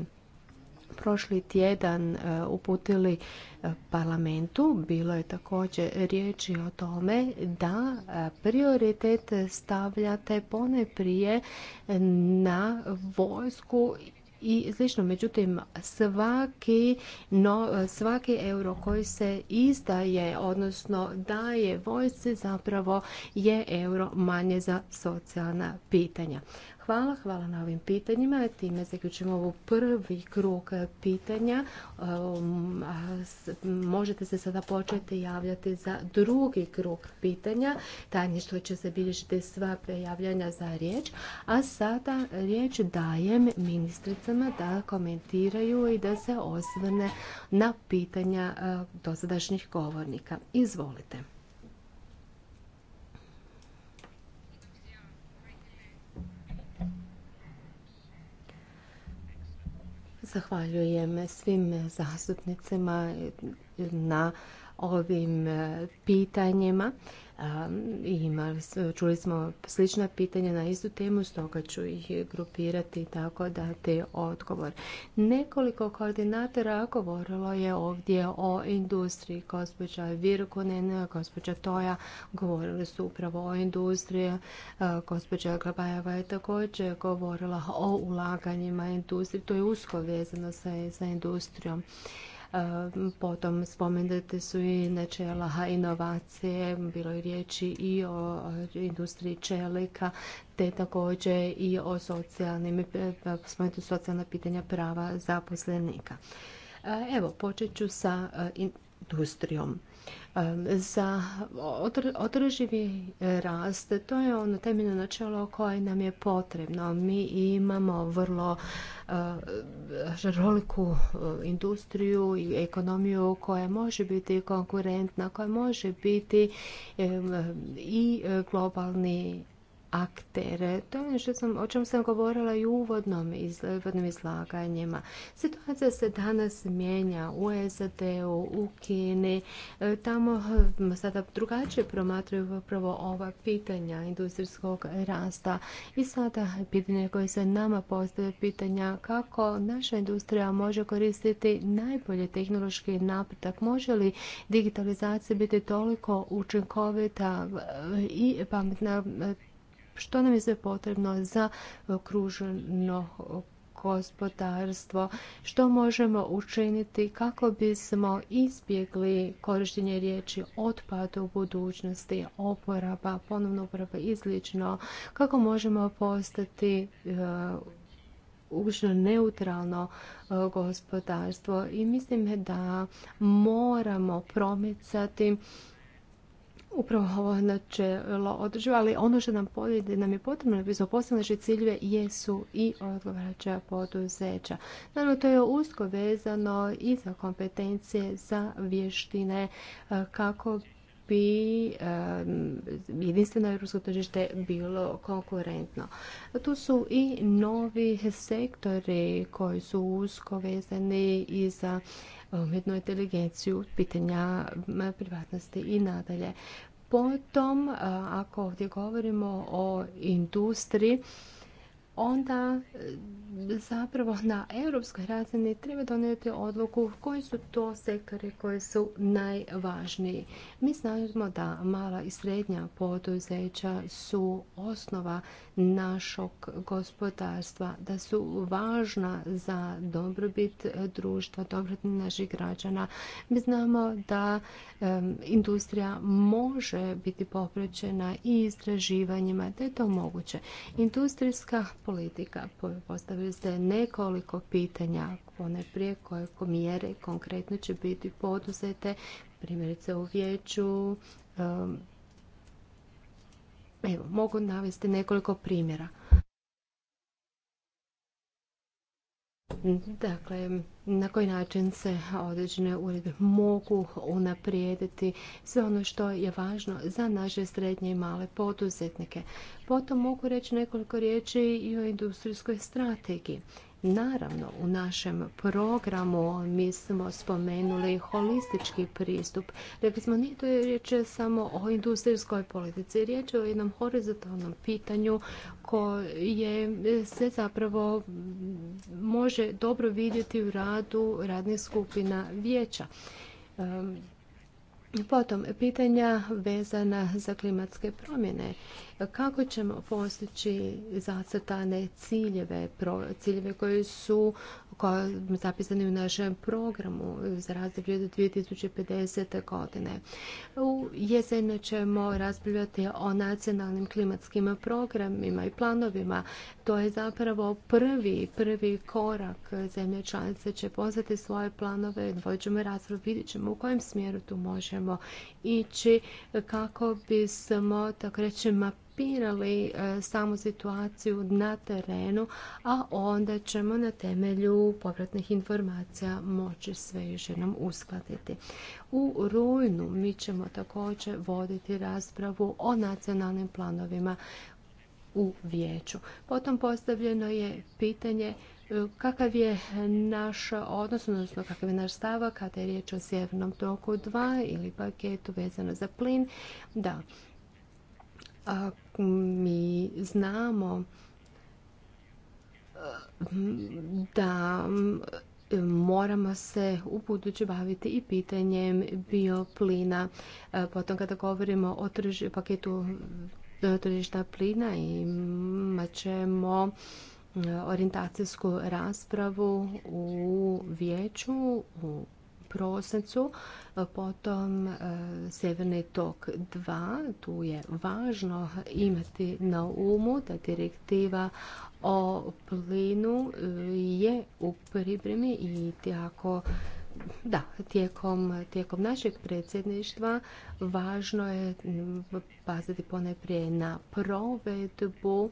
prošli tjedan e, uputili e, parlamentu bilo je također riječi o tome da e, prioritet stavljate pone prije na vojsku i slično. Međutim, svaki, svaki euro koji se izdaje, odnosno daje vojsci, zapravo je euro manje za socijalna pitanja. Hvala, hvala na ovim pitanjima. Time zaključimo ovu prvi krug eh, pitanja. Ehm, možete se sada početi javljati za drugi krug pitanja. Tajništvo će se bilježiti sva javljanja za riječ. A sada riječ dajem ministricama da komentiraju i da se osvrne na pitanja eh, dosadašnjih govornika. Izvolite. Zahvaljujem svim zastupnicima na ovim e, pitanjima čuli smo slična pitanja na istu temu, stoga ću ih grupirati tako da te odgovor. Nekoliko koordinatora govorilo je ovdje o industriji. Gospođa Virkunen, gospođa Toja govorili su upravo o industriji. Gospođa Glabajeva je također govorila o ulaganjima industrije. To je usko vezano sa, sa industrijom. Potom spomenute su i načela inovacije, bilo je riječi i o industriji čelika, te također i o socijalnim, spomenuti socijalna pitanja prava zaposlenika. Evo, počet ću sa industrijom. Za održivi rast, to je ono temeljno načelo koje nam je potrebno. Mi imamo vrlo eh, žaroliku eh, industriju i ekonomiju koja može biti konkurentna, koja može biti i globalni aktere. To je što sam, o čem sam govorila i u uvodnom, iz, uvodnim izlaganjima. Situacija se danas mijenja u SAD-u, u Kini. E, tamo sada drugačije promatraju upravo ova pitanja industrijskog rasta. I sada pitanje koje se nama postaje, pitanja kako naša industrija može koristiti najbolje tehnološki napredak. Može li digitalizacija biti toliko učinkovita e, i pametna što nam je sve potrebno za e, kružno gospodarstvo, što možemo učiniti kako bismo izbjegli korištenje riječi otpad u budućnosti, oporaba, ponovno uporaba i kako možemo postati e, učno neutralno e, gospodarstvo i mislim da moramo promicati upravo ovo načelo održivo, ali ono što nam, nam je potrebno da smo postavili naše ciljeve jesu i odgovarajuća poduzeća. Naravno, to je usko vezano i za kompetencije, za vještine, e, kako bi e, jedinstveno europsko tržište bilo konkurentno. Tu su i novi sektori koji su usko vezani i za umjetnu inteligenciju, pitanja privatnosti i nadalje. Potom, ako ovdje govorimo o industriji, onda e, zapravo na europskoj razini treba donijeti odluku koji su to sektori koji su najvažniji. Mi znamo da mala i srednja poduzeća su osnova našog gospodarstva, da su važna za dobrobit društva, dobrobit naših građana. Mi znamo da industrija može biti popraćena i istraživanjima, da je to moguće. Industrijska politika, postavili ste nekoliko pitanja, one prije koje mjere konkretno će biti poduzete, primjerice u vijeću, Evo, mogu navesti nekoliko primjera. Dakle, na koji način se određene uredbe mogu unaprijediti sve ono što je važno za naše srednje i male poduzetnike. Potom mogu reći nekoliko riječi i o industrijskoj strategiji. Naravno, u našem programu mi smo spomenuli holistički pristup. Rekli smo, nije to riječ samo o industrijskoj politici, riječ je o jednom horizontalnom pitanju koje se zapravo može dobro vidjeti u radu radnih skupina vijeća. Ehm, potom, pitanja vezana za klimatske promjene kako ćemo postići zacrtane ciljeve, ciljeve koji su zapisani u našem programu za razdoblje do 2050. godine. U jesen ćemo raspravljati o nacionalnim klimatskim programima i planovima. To je zapravo prvi, prvi korak. Zemlje članice će poznati svoje planove, dvojit ćemo vidjet ćemo u kojem smjeru tu možemo ići kako bismo, tako reći, komentirali e, samu situaciju na terenu, a onda ćemo na temelju povratnih informacija moći sve još jednom uskladiti. U rujnu mi ćemo također voditi raspravu o nacionalnim planovima u vijeću. Potom postavljeno je pitanje e, kakav je naš odnos, odnosno kakav je naš stava kada je riječ o sjevernom toku 2 ili paketu vezano za plin. Da, mi znamo eh, da eh, moramo se u budući baviti i pitanjem bioplina. Eh, potom kada govorimo o paketu tržišta plina imat ćemo orijentacijsku raspravu u vijeću u prosincu, e, potom e, severni tok 2, tu je važno imati na umu da direktiva o plinu e, je u pripremi i tako da, tijekom, tijekom našeg predsjedništva važno je paziti poneprije na provedbu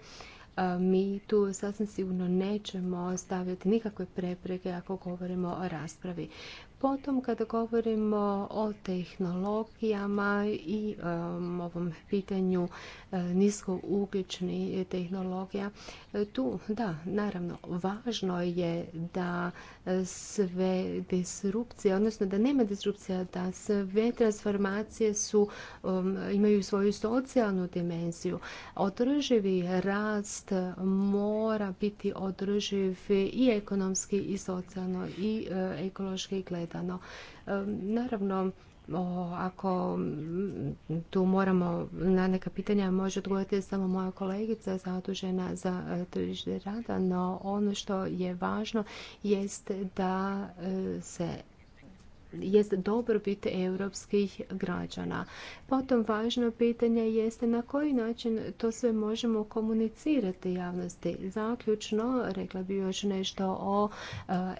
mi tu sasvim sigurno nećemo stavljati nikakve prepreke ako govorimo o raspravi. Potom kada govorimo o tehnologijama i um, ovom pitanju e, nisko tehnologija, e, tu da, naravno, važno je da sve disrupcije, odnosno da nema disrupcija, da sve transformacije su, um, imaju svoju socijalnu dimenziju. Održivi rast mora biti održiv i ekonomski i socijalno i uh, ekološki gled no, Naravno, ako tu moramo na neka pitanja može odgovoriti samo moja kolegica zadužena za e, tržište rada, no ono što je važno jest da e, se jest dobrobit europskih građana. Potom važno pitanje jeste na koji način to sve možemo komunicirati javnosti. Zaključno, rekla bi još nešto o eh,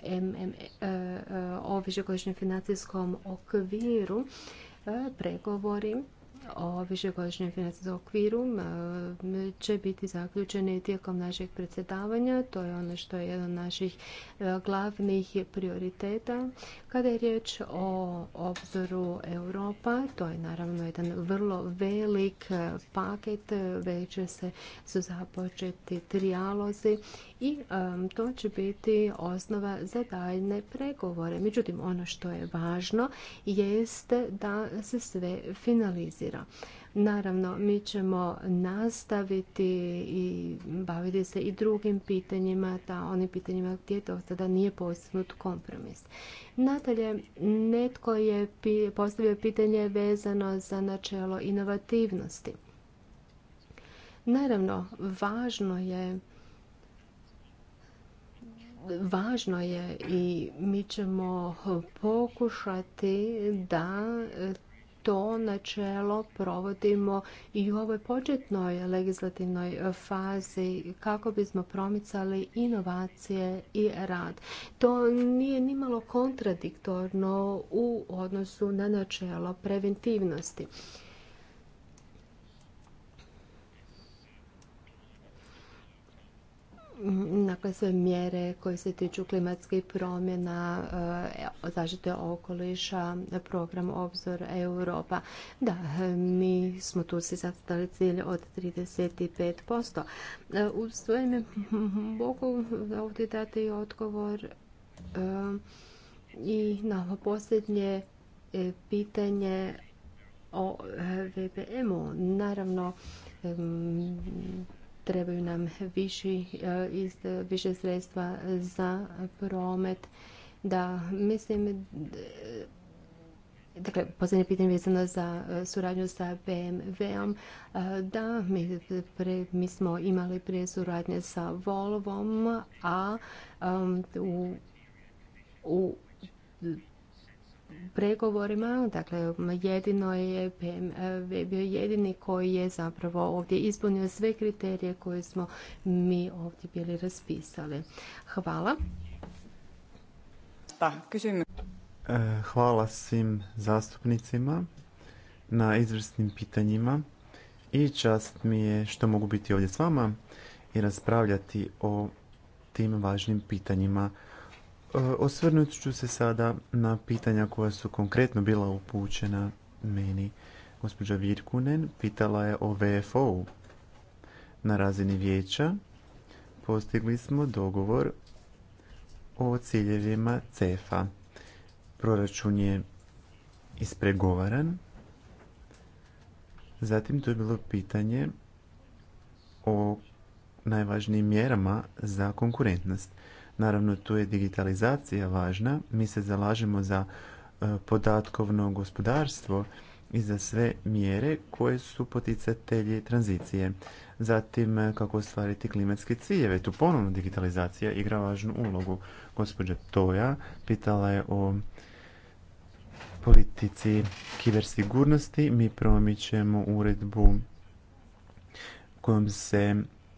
eh, o višegodišnjem financijskom okviru eh, pregovori o višegodišnjem financijskom okviru će biti zaključeni tijekom našeg predsjedavanja. To je ono što je jedan od naših glavnih prioriteta. Kada je riječ o obzoru Europa, to je naravno jedan vrlo velik e, paket, e, već se su započeti trijalozi i e, to će biti osnova za daljne pregovore. Međutim, ono što je važno jeste da se sve finalizira. Naravno, mi ćemo nastaviti i baviti se i drugim pitanjima, da onim pitanjima gdje to sada nije postignut kompromis. Nadalje, netko je postavio pitanje vezano za načelo inovativnosti. Naravno, važno je važno je i mi ćemo pokušati da to načelo provodimo i u ovoj početnoj legislativnoj e, fazi kako bismo promicali inovacije i rad. To nije nimalo kontradiktorno u odnosu na načelo preventivnosti. dakle, sve mjere koje se tiču klimatskih promjena, e, zaštite okoliša, program Obzor Europa. Da, mi smo tu si zastali cilj od 35%. E, u svojim mogu ovdje dati odgovor e, i na posljednje pitanje o VPM-u. Naravno, trebaju nam viši, e, više sredstva za promet. Da, mislim, Dakle, posljednje pitanje vezano za e, suradnju sa BMW-om. E, da, mi, mi smo imali prije suradnje sa Volvom, a u pregovorima, dakle jedino je eh, bio jedini koji je zapravo ovdje ispunio sve kriterije koje smo mi ovdje bili raspisali. Hvala. Pa, eh, hvala svim zastupnicima na izvrsnim pitanjima i čast mi je što mogu biti ovdje s vama i raspravljati o tim važnim pitanjima Osvrnut ću se sada na pitanja koja su konkretno bila upućena meni. Gospođa Virkunen pitala je o VFO-u. Na razini vijeća postigli smo dogovor o ciljevima CEFA. Proračun je ispregovaran. Zatim to je bilo pitanje o najvažnijim mjerama za konkurentnost. Naravno, tu je digitalizacija važna. Mi se zalažemo za e, podatkovno gospodarstvo i za sve mjere koje su poticatelji tranzicije. Zatim, e, kako ostvariti klimatske ciljeve. Tu ponovno digitalizacija igra važnu ulogu. Gospođa Toja pitala je o politici kibersigurnosti. Mi promičemo uredbu kojom se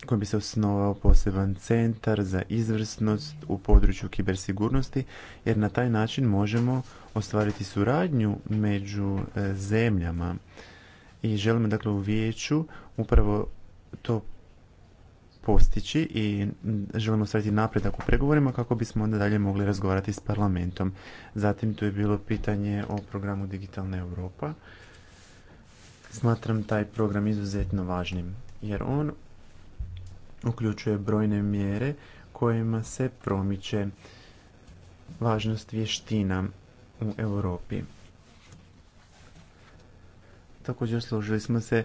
kojim bi se osnovao poseban centar za izvrsnost u području kibersigurnosti, jer na taj način možemo ostvariti suradnju među e, zemljama. I želimo dakle u vijeću upravo to postići i želimo ostvariti napredak u pregovorima kako bismo onda dalje mogli razgovarati s parlamentom. Zatim tu je bilo pitanje o programu Digitalna Europa. Smatram taj program izuzetno važnim jer on uključuje brojne mjere kojima se promiče važnost vještina u Europi. Također složili smo se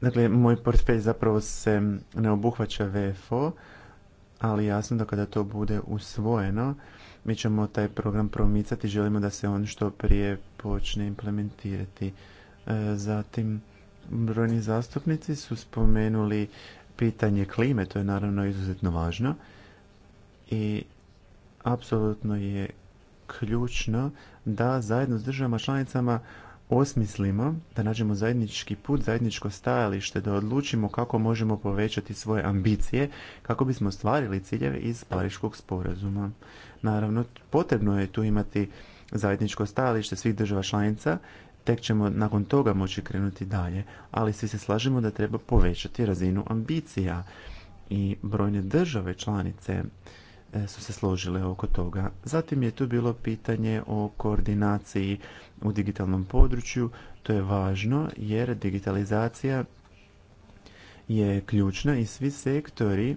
Dakle, moj portfelj zapravo se ne obuhvaća VFO, ali jasno da kada to bude usvojeno, mi ćemo taj program promicati, želimo da se on što prije počne implementirati. E, zatim, Brojni zastupnici su spomenuli pitanje klime, to je naravno izuzetno važno i apsolutno je ključno da zajedno s državama članicama osmislimo, da nađemo zajednički put, zajedničko stajalište, da odlučimo kako možemo povećati svoje ambicije kako bismo ostvarili ciljeve iz Pariškog sporazuma. Naravno, potrebno je tu imati zajedničko stajalište svih država članica tek ćemo nakon toga moći krenuti dalje, ali svi se slažemo da treba povećati razinu ambicija i brojne države članice e, su se složile oko toga. Zatim je tu bilo pitanje o koordinaciji u digitalnom području. To je važno jer digitalizacija je ključna i svi sektori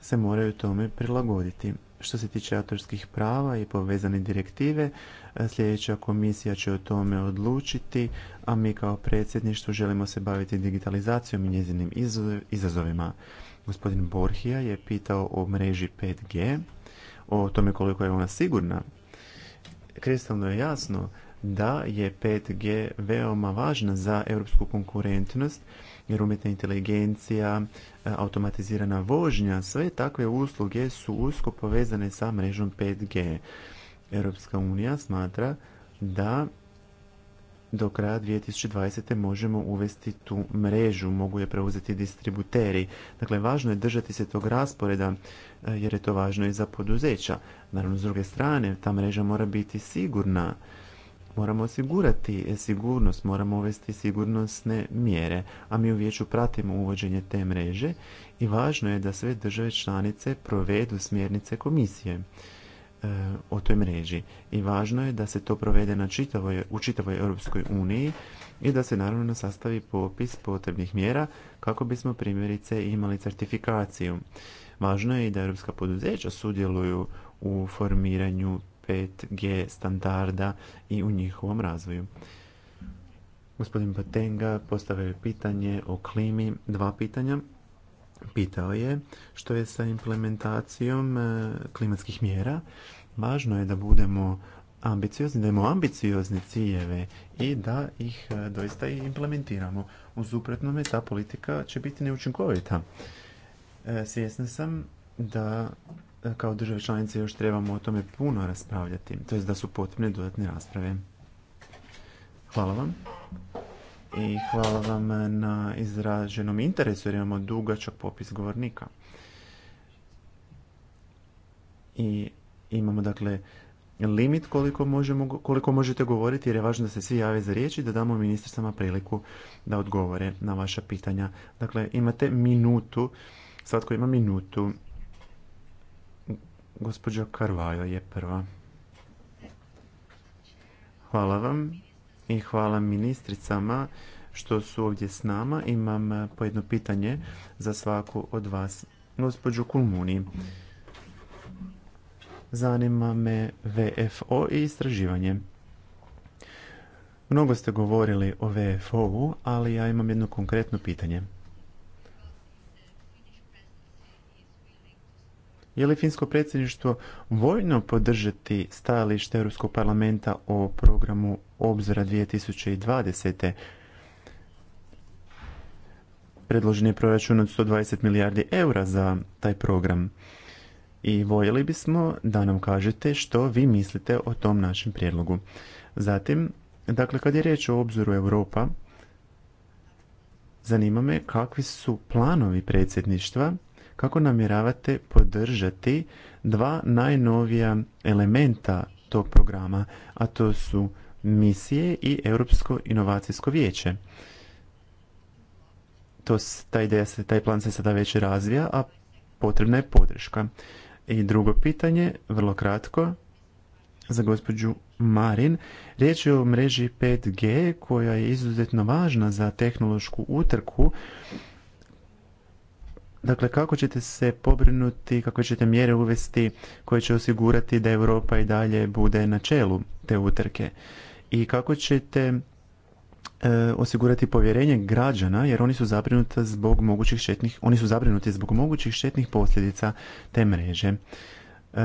se moraju tome prilagoditi. Što se tiče autorskih prava i povezane direktive, e, sljedeća komisija će o tome odlučiti, a mi kao predsjedništvo želimo se baviti digitalizacijom i njezinim izazovima. Gospodin Borhija je pitao o mreži 5G, o tome koliko je ona sigurna. Kristalno je jasno da je 5G veoma važna za europsku konkurentnost jer umjetna inteligencija, e, automatizirana vožnja, sve takve usluge su usko povezane sa mrežom 5G. Europska unija smatra da do kraja 2020. možemo uvesti tu mrežu, mogu je preuzeti distributeri. Dakle, važno je držati se tog rasporeda e, jer je to važno i za poduzeća. Naravno, s druge strane, ta mreža mora biti sigurna Moramo osigurati sigurnost, moramo uvesti sigurnosne mjere, a mi u vijeću pratimo uvođenje te mreže i važno je da sve države članice provedu smjernice komisije e, o toj mreži i važno je da se to provede na čitavoj, u čitavoj Europskoj uniji i da se naravno sastavi popis potrebnih mjera kako bismo primjerice imali certifikaciju. Važno je i da europska poduzeća sudjeluju u formiranju 5G standarda i u njihovom razvoju. Gospodin Batenga postavio je pitanje o klimi, dva pitanja. Pitao je što je sa implementacijom e, klimatskih mjera. Važno je da budemo ambiciozni, da imamo ambiciozne ciljeve i da ih e, doista i implementiramo. U suprotnome ta politika će biti neučinkovita. E, svjesna sam da E, kao države članice još trebamo o tome puno raspravljati, to jest da su potrebne dodatne rasprave. Hvala vam. I hvala vam na izraženom interesu jer imamo dugačak popis govornika. I imamo dakle limit koliko, možemo, koliko možete govoriti jer je važno da se svi jave za riječ i da damo ministrstvama priliku da odgovore na vaša pitanja. Dakle, imate minutu, svatko ima minutu Gospođo Karvajo je prva. Hvala vam i hvala ministricama što su ovdje s nama. Imam eh, pojedno pitanje za svaku od vas. Gospođu Kulmuni, zanima me VFO i istraživanje. Mnogo ste govorili o VFO-u, ali ja imam jedno konkretno pitanje. Je li finsko predsjedništvo vojno podržati stajalište Europskog parlamenta o programu Obzora 2020. Predložen je proračun od 120 milijardi eura za taj program. I voljeli bismo da nam kažete što vi mislite o tom našem prijedlogu. Zatim, dakle, kad je riječ o obzoru Europa, zanima me kakvi su planovi predsjedništva kako namjeravate podržati dva najnovija elementa tog programa, a to su misije i Europsko inovacijsko vijeće? To, ideja se, taj plan se sada već razvija, a potrebna je podrška. I drugo pitanje, vrlo kratko, za gospođu Marin. Riječ je o mreži 5G koja je izuzetno važna za tehnološku utrku Dakle, kako ćete se pobrinuti, kako ćete mjere uvesti koje će osigurati da Europa i dalje bude na čelu te utrke? I kako ćete e, osigurati povjerenje građana jer oni su zabrinuti zbog mogućih štetnih, oni su zabrinuti zbog mogućih štetnih posljedica te mreže. E,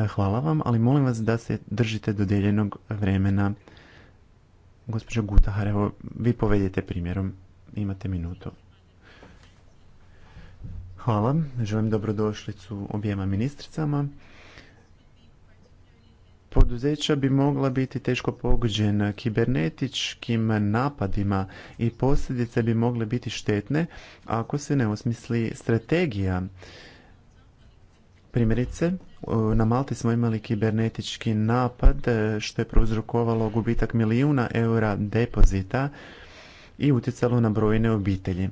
hvala vam, ali molim vas da se držite dodijeljenog vremena. Gospođo Gutahar, evo, vi povedite primjerom. Imate minutu. Hvala. Želim dobrodošlicu objema ministricama. Poduzeća bi mogla biti teško pogođena kibernetičkim napadima i posljedice bi mogle biti štetne ako se ne osmisli strategija. Primjerice, na Malti smo imali kibernetički napad e, što je prouzrokovalo gubitak milijuna eura depozita i utjecalo na brojne obitelji.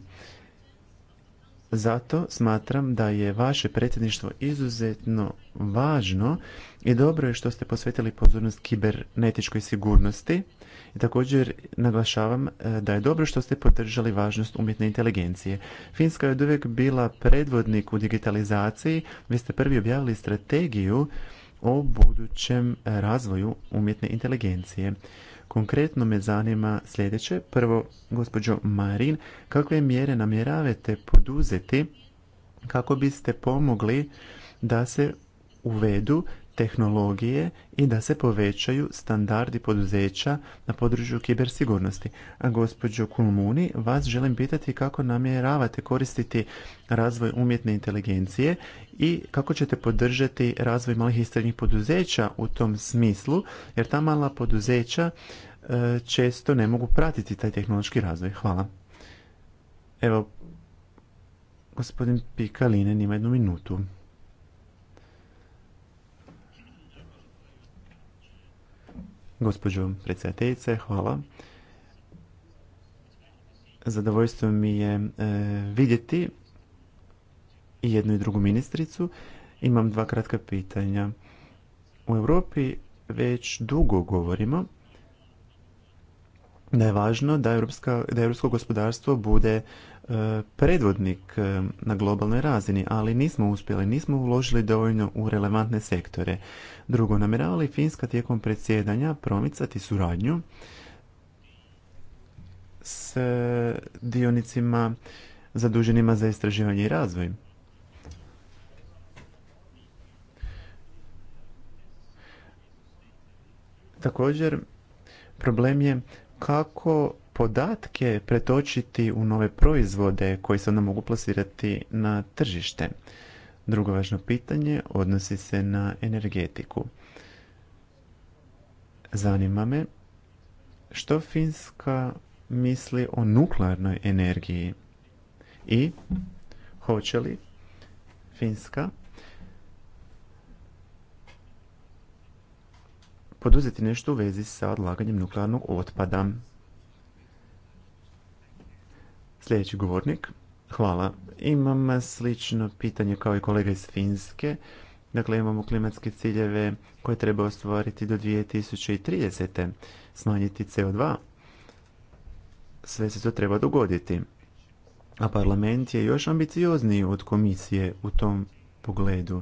Zato smatram da je vaše predsjedništvo izuzetno važno i dobro je što ste posvetili pozornost kibernetičkoj sigurnosti. I također naglašavam e, da je dobro što ste podržali važnost umjetne inteligencije. Finska je uvijek bila predvodnik u digitalizaciji. Vi ste prvi objavili strategiju o budućem razvoju umjetne inteligencije. Konkretno me zanima sljedeće. Prvo, gospođo Marin, kakve mjere namjeravate poduzeti kako biste pomogli da se uvedu tehnologije i da se povećaju standardi poduzeća na području kibersigurnosti. A gospođo Kulmuni, vas želim pitati kako namjeravate koristiti razvoj umjetne inteligencije i kako ćete podržati razvoj malih i srednjih poduzeća u tom smislu, jer ta mala poduzeća često ne mogu pratiti taj tehnološki razvoj. Hvala. Evo, gospodin Pika Linen ima jednu minutu. Gospođo predsjedateljice, hvala. Zadovoljstvo mi je e, vidjeti i jednu i drugu ministricu. Imam dva kratka pitanja. U Europi već dugo govorimo da je važno da, da europsko gospodarstvo bude e, predvodnik e, na globalnoj razini, ali nismo uspjeli, nismo uložili dovoljno u relevantne sektore. Drugo, namjerava Finska tijekom predsjedanja promicati suradnju s dionicima zaduženima za istraživanje i razvoj? Također, problem je kako podatke pretočiti u nove proizvode koji se onda mogu plasirati na tržište. Drugo važno pitanje odnosi se na energetiku. Zanima me što Finska misli o nuklearnoj energiji i hoće li Finska poduzeti nešto u vezi sa odlaganjem nuklearnog otpada. Sljedeći govornik. Hvala. Imam slično pitanje kao i kolega iz Finske. Dakle, imamo klimatske ciljeve koje treba ostvariti do 2030. Smanjiti CO2. Sve se to treba dogoditi. A parlament je još ambiciozniji od komisije u tom pogledu.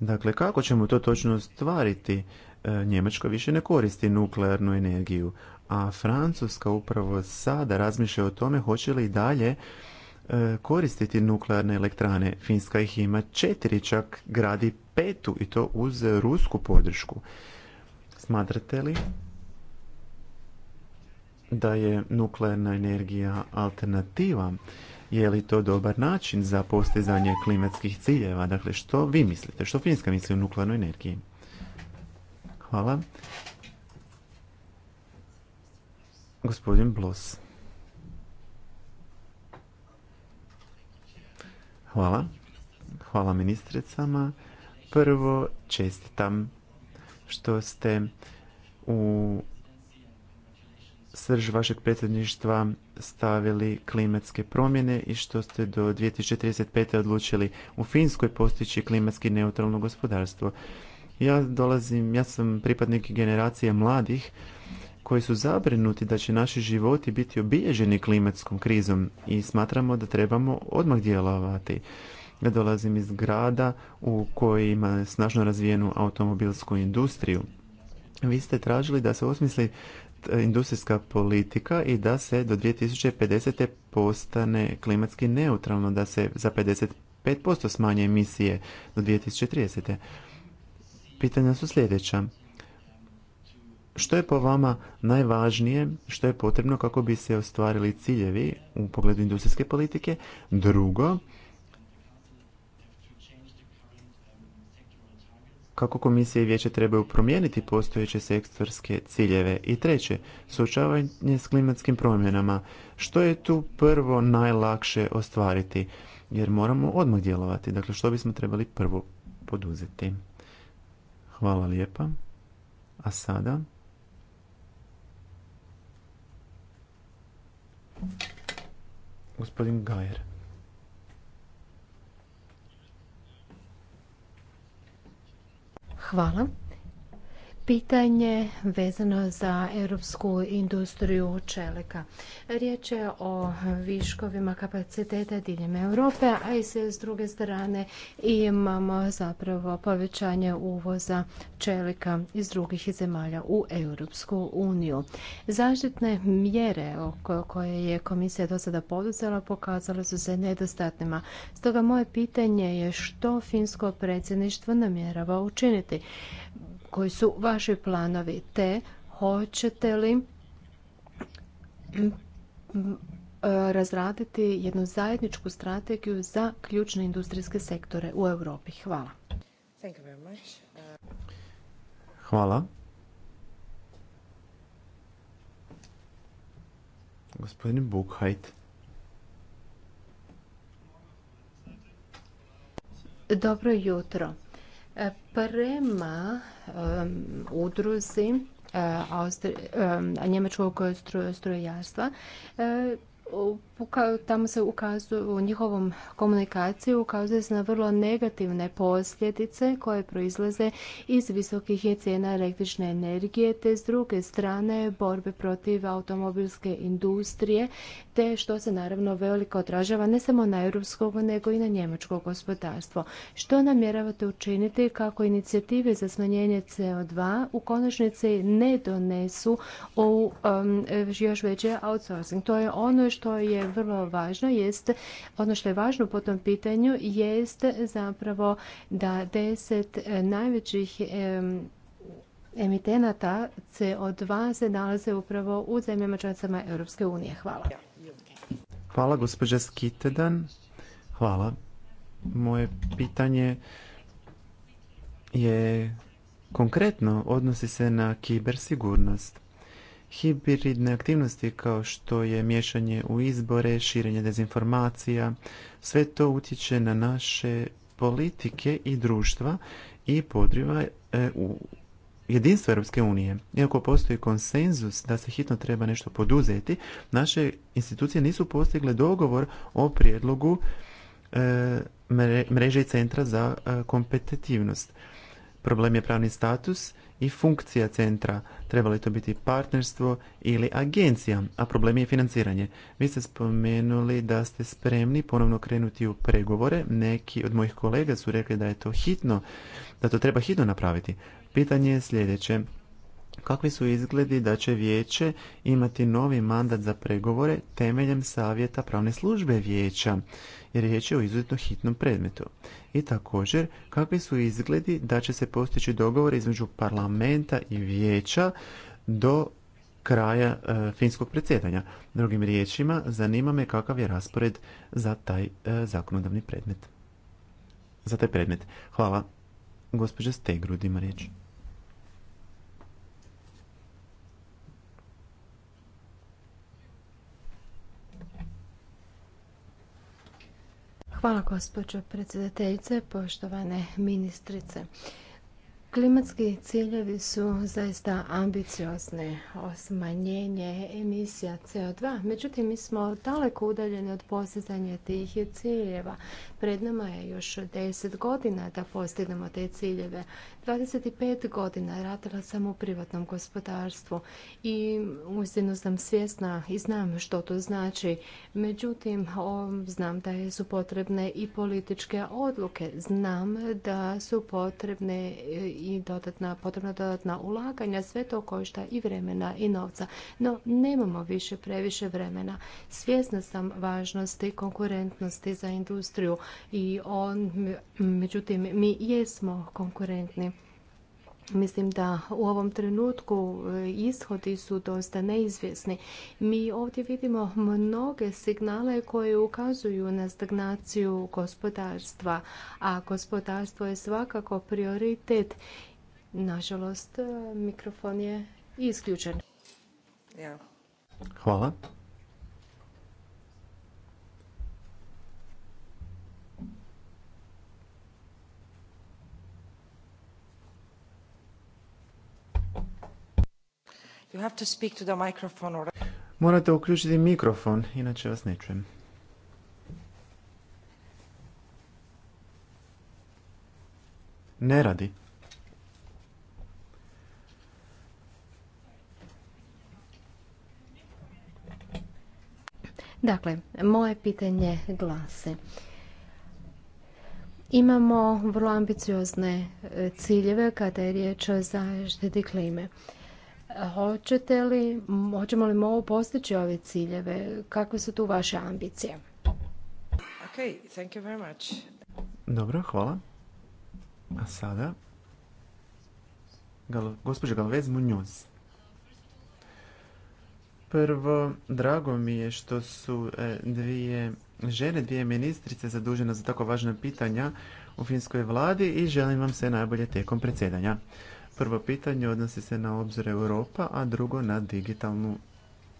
Dakle, kako ćemo to točno stvariti? E, Njemačka više ne koristi nuklearnu energiju, a Francuska upravo sada razmišlja o tome hoće li i dalje e, koristiti nuklearne elektrane. Finska ih ima četiri, čak gradi petu i to uz rusku podršku. Smatrate li da je nuklearna energija alternativa je li to dobar način za postizanje klimatskih ciljeva? Dakle, što vi mislite? Što Finska misli o nuklearnoj energiji? Hvala. Gospodin Blos. Hvala. Hvala ministricama. Prvo, čestitam što ste u srž vašeg predsjedništva stavili klimatske promjene i što ste do 2035. odlučili u Finskoj postići klimatski neutralno gospodarstvo. Ja dolazim, ja sam pripadnik generacije mladih koji su zabrinuti da će naši životi biti obilježeni klimatskom krizom i smatramo da trebamo odmah djelovati. Ja dolazim iz grada u koji ima snažno razvijenu automobilsku industriju. Vi ste tražili da se osmisli E, industrijska politika i da se do 2050. postane klimatski neutralno, da se za 55% smanje emisije do 2030. Pitanja su sljedeća. Što je po vama najvažnije, što je potrebno kako bi se ostvarili ciljevi u pogledu industrijske politike? Drugo, kako komisije i vijeće trebaju promijeniti postojeće sektorske ciljeve. I treće, suočavanje s klimatskim promjenama. Što je tu prvo najlakše ostvariti? Jer moramo odmah djelovati. Dakle, što bismo trebali prvo poduzeti? Hvala lijepa. A sada... Gospodin Gajer. Hvala pitanje vezano za europsku industriju čelika. Riječ je o viškovima kapaciteta diljem Europe, a i s druge strane imamo zapravo povećanje uvoza čelika iz drugih zemalja u Europsku uniju. Zaštitne mjere koje je komisija do sada poduzela pokazale su se nedostatnima. Stoga moje pitanje je što finsko predsjedništvo namjerava učiniti koji su vaši planovi, te hoćete li e, razraditi jednu zajedničku strategiju za ključne industrijske sektore u Europi. Hvala. Hvala. Gospodin Bukhajt. Dobro jutro. Prema udruzi Austri, njemačkog strojarstva u tamo se ukazuje u njihovom komunikaciji ukazuje se na vrlo negativne posljedice koje proizlaze iz visokih je cijena električne energije, te s druge strane borbe protiv automobilske industrije, te što se naravno veliko odražava ne samo na europskog, nego i na njemačko gospodarstvo. Što namjeravate učiniti kako inicijative za smanjenje CO2 u konačnici ne donesu u još veće outsourcing? To je ono što je vrlo važno jest, ono što je važno po tom pitanju jest zapravo da deset e, najvećih emitenata CO2 se nalaze upravo u zemljama članicama Europske unije. Hvala. Hvala gospođa Skitedan. Hvala. Moje pitanje je konkretno odnosi se na kibersigurnost hibridne aktivnosti kao što je miješanje u izbore, širenje dezinformacija, sve to utječe na naše politike i društva i podriva e, u jedinstvo Europske unije. Iako postoji konsenzus da se hitno treba nešto poduzeti, naše institucije nisu postigle dogovor o prijedlogu e, mreže i centra za e, kompetitivnost. Problem je pravni status i funkcija centra. Treba li to biti partnerstvo ili agencija, a problem je financiranje. Vi ste spomenuli da ste spremni ponovno krenuti u pregovore. Neki od mojih kolega su rekli da je to hitno, da to treba hitno napraviti. Pitanje je sljedeće kakvi su izgledi da će vijeće imati novi mandat za pregovore temeljem savjeta pravne službe vijeća jer riječ je o izuzetno hitnom predmetu. I također, kakvi su izgledi da će se postići dogovor između parlamenta i vijeća do kraja e, finskog predsjedanja. Drugim riječima, zanima me kakav je raspored za taj e, zakonodavni predmet. Za taj predmet. Hvala. Gospođa Stegrud ima riječ. Hvala gospođo predsjedateljice, poštovane ministrice. Klimatski ciljevi su zaista ambiciozni, osmanjenje emisija CO2, međutim mi smo daleko udaljeni od postizanja tih ciljeva. Pred nama je još 10 godina da postignemo te ciljeve. 25 godina radila sam u privatnom gospodarstvu i uistinu sam svjesna i znam što to znači. Međutim, znam da su potrebne i političke odluke. Znam da su potrebne e, i dodatna, potrebna dodatna ulaganja. Sve to košta i vremena i novca. No, nemamo više previše vremena. Svjesna sam važnosti konkurentnosti za industriju i on, međutim, mi jesmo konkurentni Mislim da u ovom trenutku e, ishodi su dosta neizvjesni. Mi ovdje vidimo mnoge signale koje ukazuju na stagnaciju gospodarstva, a gospodarstvo je svakako prioritet. Nažalost, e, mikrofon je isključen. Hvala. You Morate uključiti mikrofon, inače vas ne čujem. Ne radi. Dakle, moje pitanje glase. Imamo vrlo ambiciozne ciljeve kada je riječ o zaštiti klime. Hoćete li, hoćemo li mogu postići ove ciljeve? Kakve su tu vaše ambicije? Okay, thank you very much. Dobro, hvala. A sada... gospođa Galvez Prvo, drago mi je što su e, dvije žene, dvije ministrice zadužene za tako važna pitanja u finskoj vladi i želim vam sve najbolje tijekom predsjedanja. Prvo pitanje odnosi se na obzor Europa, a drugo na digitalnu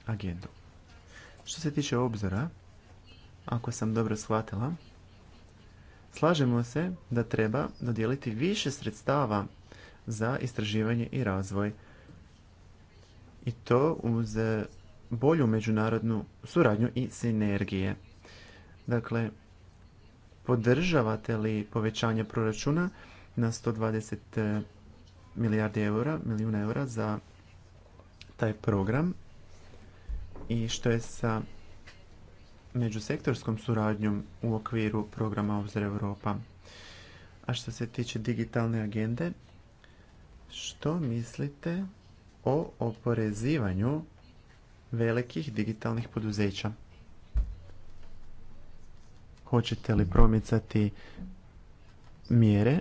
agendu. Što se tiče obzora, ako sam dobro shvatila, slažemo se da treba dodijeliti više sredstava za istraživanje i razvoj i to uz bolju međunarodnu suradnju i sinergije. Dakle, podržavate li povećanje proračuna na 120 milijardi eura, milijuna eura za taj program i što je sa međusektorskom suradnjom u okviru programa Obzir Europa. A što se tiče digitalne agende, što mislite o oporezivanju velikih digitalnih poduzeća? Hoćete li promicati mjere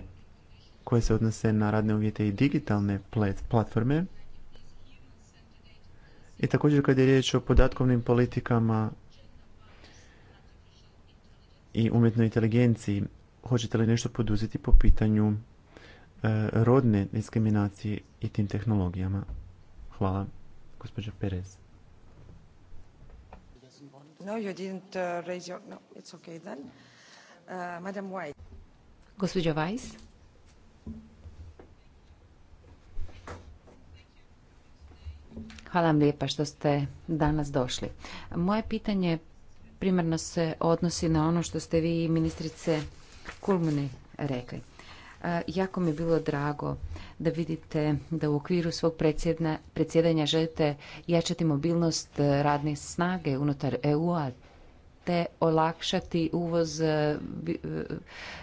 koje se odnose na radne uvjete i digitalne platforme. I također kad je riječ o podatkovnim politikama i umjetnoj inteligenciji, hoćete li nešto poduzeti po pitanju e, rodne diskriminacije i tim tehnologijama? Hvala, gospođa Perez. Gospođa uh, uh, Weiss. Hvala vam lijepa što ste danas došli. Moje pitanje primarno se odnosi na ono što ste vi, ministrice Kulmuni, rekli. E, jako mi je bilo drago da vidite da u okviru svog predsjedanja želite jačati mobilnost e, radne snage unutar EU-a te olakšati uvoz e, e,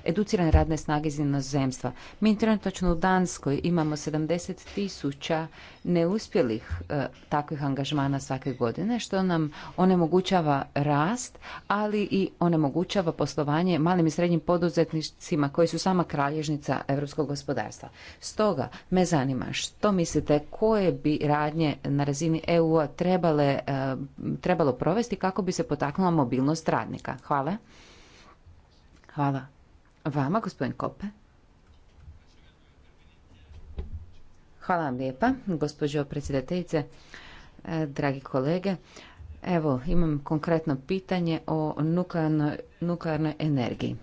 educirane radne snage iz inozemstva. Mi trenutačno u Danskoj imamo 70 tisuća neuspjelih e, takvih angažmana svake godine, što nam onemogućava rast, ali i onemogućava poslovanje malim i srednjim poduzetnicima koji su sama kralježnica europskog gospodarstva. Stoga me zanima što mislite koje bi radnje na razini EU-a trebalo provesti kako bi se potaknula mobilnost stradnika radnika. Hvala. Hvala. Vama, gospodin Kope. Hvala vam lijepa, gospođo predsjedateljice, e, dragi kolege. Evo, imam konkretno pitanje o nuklearnoj, nuklearnoj energiji.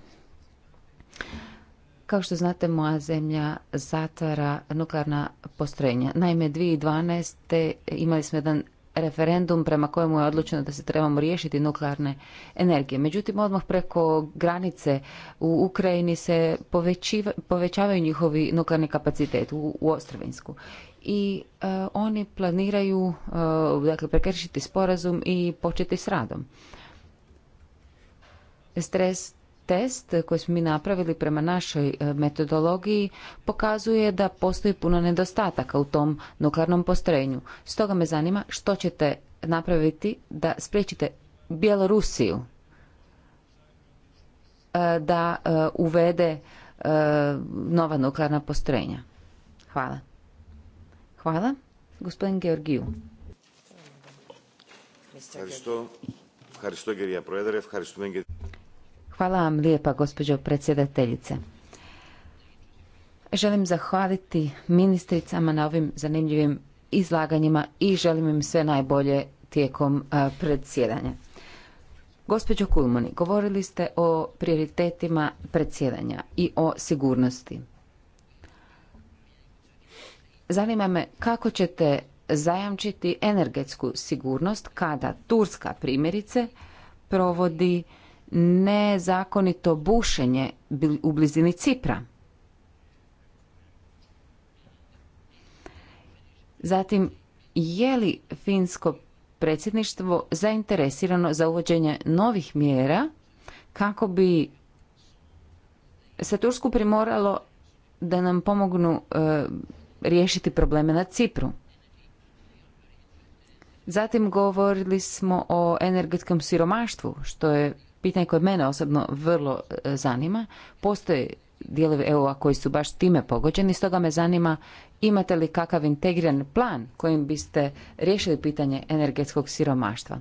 Kao što znate, moja zemlja zatvara nuklearna postrojenja. Naime, 2012. imali smo jedan referendum prema kojemu je odlučeno da se trebamo riješiti nuklearne energije. Međutim, odmah preko granice u Ukrajini se povećavaju njihovi nuklearni kapacitet u, u Ostrovinsku. I e, oni planiraju e, dakle, prekršiti sporazum i početi s radom. Stres test koji smo mi napravili prema našoj e, metodologiji pokazuje da postoji puno nedostataka u tom nuklearnom postrojenju. Stoga me zanima što ćete napraviti da spriječite Bjelorusiju e, da e, uvede nova nuklearna postrojenja. Hvala. Hvala. Gospodin Georgiju. Hvala vam lijepa, gospođo predsjedateljice. Želim zahvaliti ministricama na ovim zanimljivim izlaganjima i želim im sve najbolje tijekom predsjedanja. Gospođo Kulmoni, govorili ste o prioritetima predsjedanja i o sigurnosti. Zanima me kako ćete zajamčiti energetsku sigurnost kada Turska primjerice provodi nezakonito bušenje u blizini Cipra. Zatim, je li finsko predsjedništvo zainteresirano za uvođenje novih mjera kako bi se Tursku primoralo da nam pomognu e, riješiti probleme na Cipru. Zatim govorili smo o energetskom siromaštvu, što je pitanje koje mene osobno vrlo e, zanima. Postoje dijelovi EU-a koji su baš time pogođeni, stoga me zanima imate li kakav integriran plan kojim biste riješili pitanje energetskog siromaštva.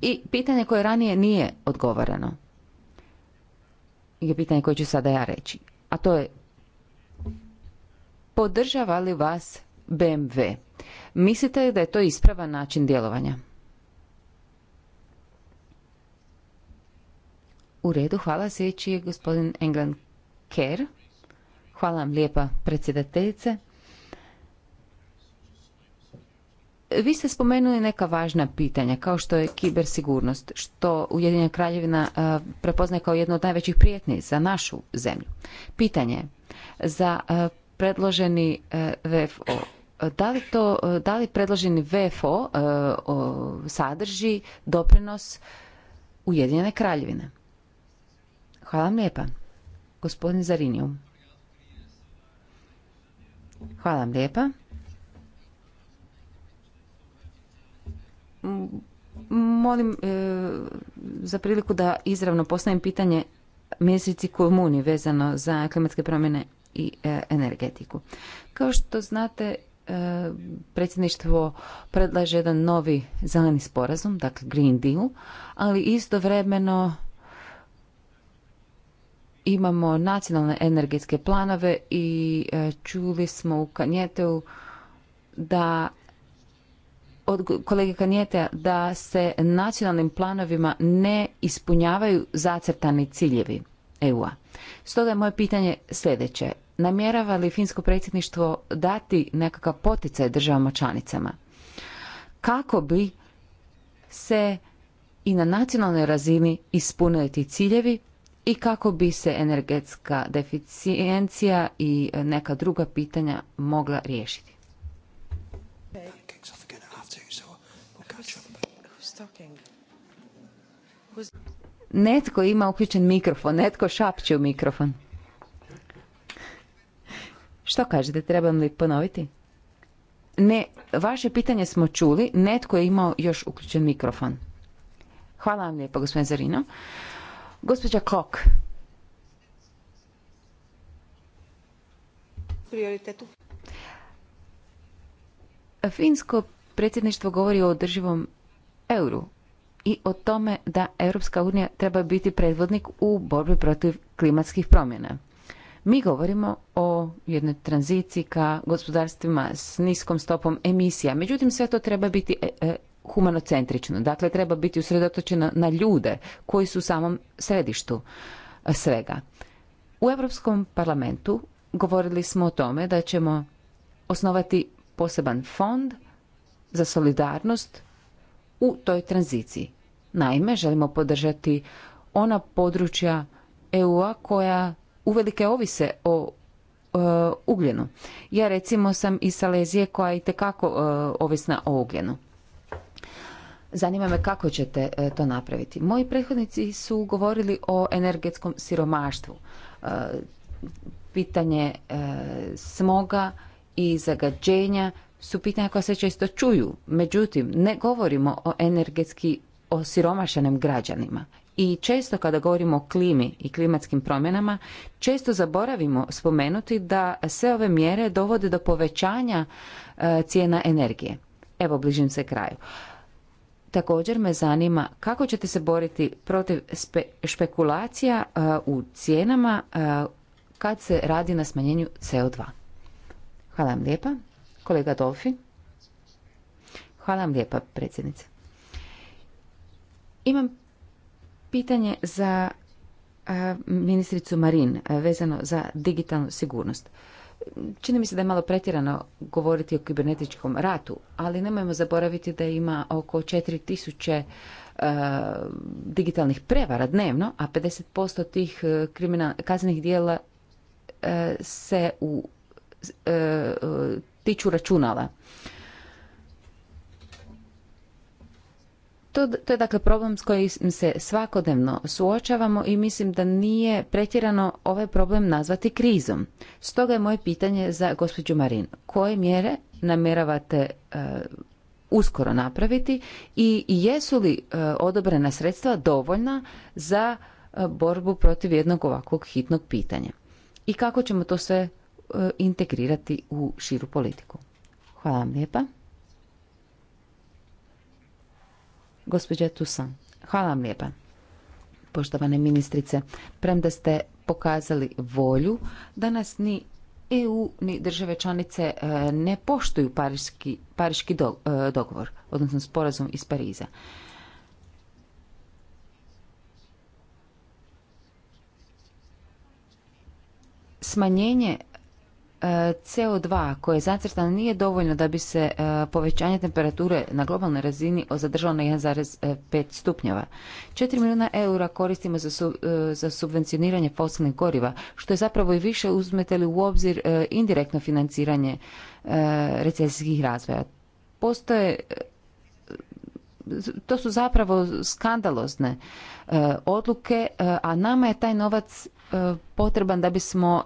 I pitanje koje ranije nije odgovoreno je pitanje koje ću sada ja reći. A to je podržava li vas BMW? Mislite li da je to ispravan način djelovanja? U redu, hvala. Sljedeći je gospodin England Kerr. Hvala vam lijepa, predsjedateljice. Vi ste spomenuli neka važna pitanja, kao što je kibersigurnost, što Ujedinjena kraljevina e, prepoznaje kao jednu od najvećih prijetnji za našu zemlju. Pitanje je za e, predloženi e, VFO. Da li, to, da li predloženi VFO sadrži doprinos Ujedinjene kraljevine? Hvala vam lijepa. Gospodin Zariniju. Hvala vam lijepa. Molim e, za priliku da izravno postavim pitanje mjeseci komuni vezano za klimatske promjene i e, energetiku. Kao što znate, e, predsjedništvo predlaže jedan novi zeleni sporazum, dakle Green Deal, ali istovremeno imamo nacionalne energetske planove i e, čuli smo u Kanjeteu da od kolege Kanjete da se nacionalnim planovima ne ispunjavaju zacrtani ciljevi EU-a. Stoga je moje pitanje sljedeće. Namjerava li finsko predsjedništvo dati nekakav poticaj državama članicama? Kako bi se i na nacionalnoj razini ispunili ti ciljevi i kako bi se energetska deficijencija i neka druga pitanja mogla riješiti. Netko ima uključen mikrofon, netko šapće u mikrofon. Što kažete, trebam li ponoviti? Ne, vaše pitanje smo čuli, netko je imao još uključen mikrofon. Hvala vam lijepo, gospodin Zarino. Gospođa Kok. Prioritetu. Finsko predsjedništvo govori o održivom euru i o tome da Europska unija treba biti predvodnik u borbi protiv klimatskih promjena. Mi govorimo o jednoj tranziciji ka gospodarstvima s niskom stopom emisija. Međutim, sve to treba biti e, e, humanocentrično. Dakle, treba biti usredotočena na ljude koji su u samom središtu eh, svega. U Europskom parlamentu govorili smo o tome da ćemo osnovati poseban fond za solidarnost u toj tranziciji. Naime, želimo podržati ona područja EU-a koja uvelike ovise o eh, ugljenu. Ja recimo sam iz Salezije koja je itekako e, ovisna o ugljenu. Zanima me kako ćete e, to napraviti. Moji prethodnici su govorili o energetskom siromaštvu. E, pitanje e, smoga i zagađenja su pitanja koja se često čuju. Međutim, ne govorimo o energetski osiromašenim građanima. I često kada govorimo o klimi i klimatskim promjenama, često zaboravimo spomenuti da sve ove mjere dovode do povećanja cijena energije. Evo, bližim se kraju. Također me zanima kako ćete se boriti protiv špekulacija e, u cijenama e, kad se radi na smanjenju CO2. Hvala vam lijepa. Kolega Dolfi. Hvala vam lijepa, predsjednice. Imam pitanje za e, ministricu Marin vezano za digitalnu sigurnost. Čini mi se da je malo pretjerano govoriti o kibernetičkom ratu, ali nemojmo zaboraviti da ima oko 4000 uh, e, digitalnih prevara dnevno, a 50% tih e, kriminal, kaznenih dijela e, se u, tiču računala. To, to je dakle problem s kojim se svakodnevno suočavamo i mislim da nije pretjerano ovaj problem nazvati krizom. Stoga je moje pitanje za gospođu Marin. Koje mjere namjeravate e, uskoro napraviti i jesu li e, odobrena sredstva dovoljna za e, borbu protiv jednog ovakvog hitnog pitanja? I kako ćemo to sve integrirati u širu politiku? Hvala vam lijepa. Gospođa Tusan, hvala vam lijepa. Poštovane ministrice, premda ste pokazali volju, danas ni EU ni države članice e, ne poštuju pariški, pariški e, dogovor, odnosno sporazum iz Pariza. Smanjenje E, CO2 koje je zacrtano nije dovoljno da bi se e, povećanje temperature na globalnoj razini zadržalo na 1,5 stupnjeva. 4 milijuna eura koristimo e, za subvencioniranje fosilnih goriva, što je zapravo i više uzmete li u obzir indirektno financiranje recesijskih razvoja. Postoje to su zapravo skandalozne e, odluke, e, a nama je taj novac e, potreban da bismo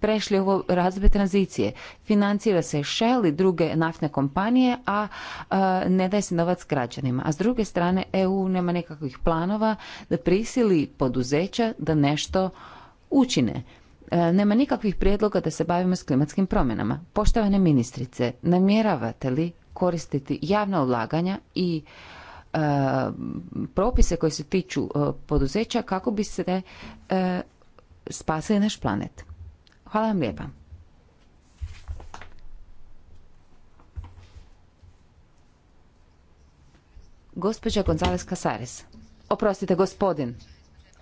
prešli ovo razdoblje tranzicije. Financira se Shell i druge naftne kompanije, a ne daje se novac građanima. A s druge strane, EU nema nekakvih planova da prisili poduzeća da nešto učine. Nema nikakvih prijedloga da se bavimo s klimatskim promjenama. Poštovane ministrice, namjeravate li koristiti javna ulaganja i e, propise koje se tiču e, poduzeća kako bi se e, spasili naš planet. Hvala vam lijepa. Gospođa Gonzales Casares. Oprostite, gospodin.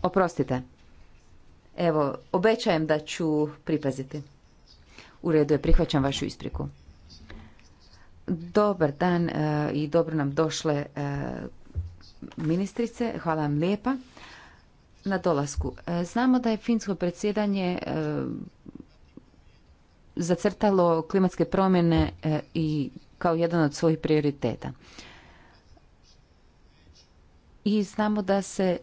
Oprostite. Evo, obećajem da ću pripaziti. U redu je, prihvaćam vašu ispriku. Dobar dan e, i dobro nam došle e, ministrice. Hvala vam lijepa na dolasku. E, znamo da je finsko predsjedanje zacrtalo klimatske promjene i kao jedan od svojih prioriteta. I znamo da se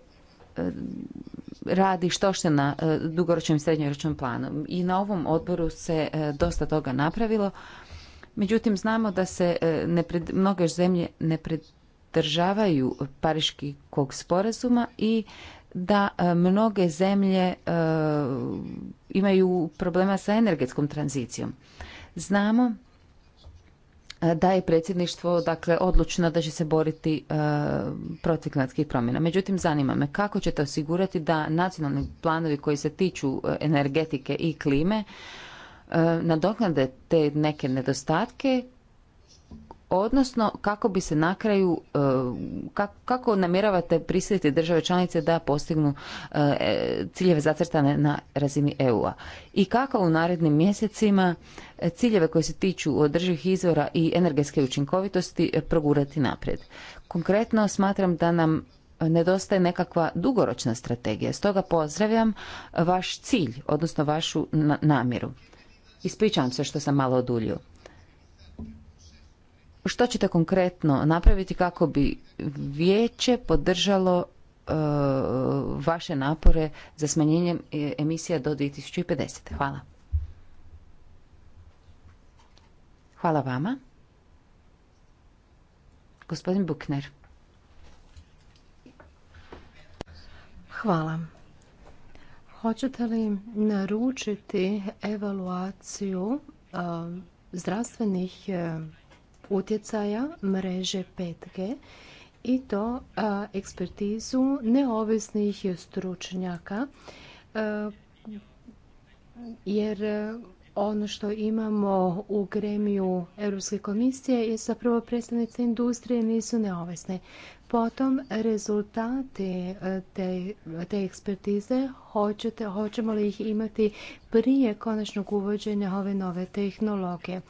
radi što što na dugoročnom i srednjoročnom planu. I na ovom odboru se dosta toga napravilo, Međutim, znamo da se e, ne mnoge zemlje ne pridržavaju pariškog sporazuma i da e, mnoge zemlje e, imaju problema sa energetskom tranzicijom. Znamo da je predsjedništvo dakle odlučno da će se boriti protiv klimatskih promjena. Međutim, zanima me kako ćete osigurati da nacionalni planovi koji se tiču energetike i klime E, nadoknade te neke nedostatke odnosno kako bi se na kraju e, kako namjeravate prisiliti države članice da postignu e, ciljeve zacrtane na razini EU-a i kako u narednim mjesecima ciljeve koje se tiču održivih izvora i energetske učinkovitosti progurati naprijed. Konkretno smatram da nam nedostaje nekakva dugoročna strategija. Stoga pozdravljam vaš cilj, odnosno vašu namjeru. Ispričavam se što sam malo oduljio. Što ćete konkretno napraviti kako bi vijeće podržalo e, vaše napore za smanjenje e, emisija do 2050. Hvala. Hvala vama. Gospodin Bukner. Hvala. Hoćete li naručiti evaluaciju zdravstvenih e, utjecaja mreže 5G i to ekspertizu neovisnih stručnjaka e, jer e, ono što imamo u gremiju Europske komisije je zapravo predstavnice industrije nisu neovisne. Potom rezultati e, te, ekspertize, hoćemo li ih imati prije konačnog uvođenja ove nove tehnologije.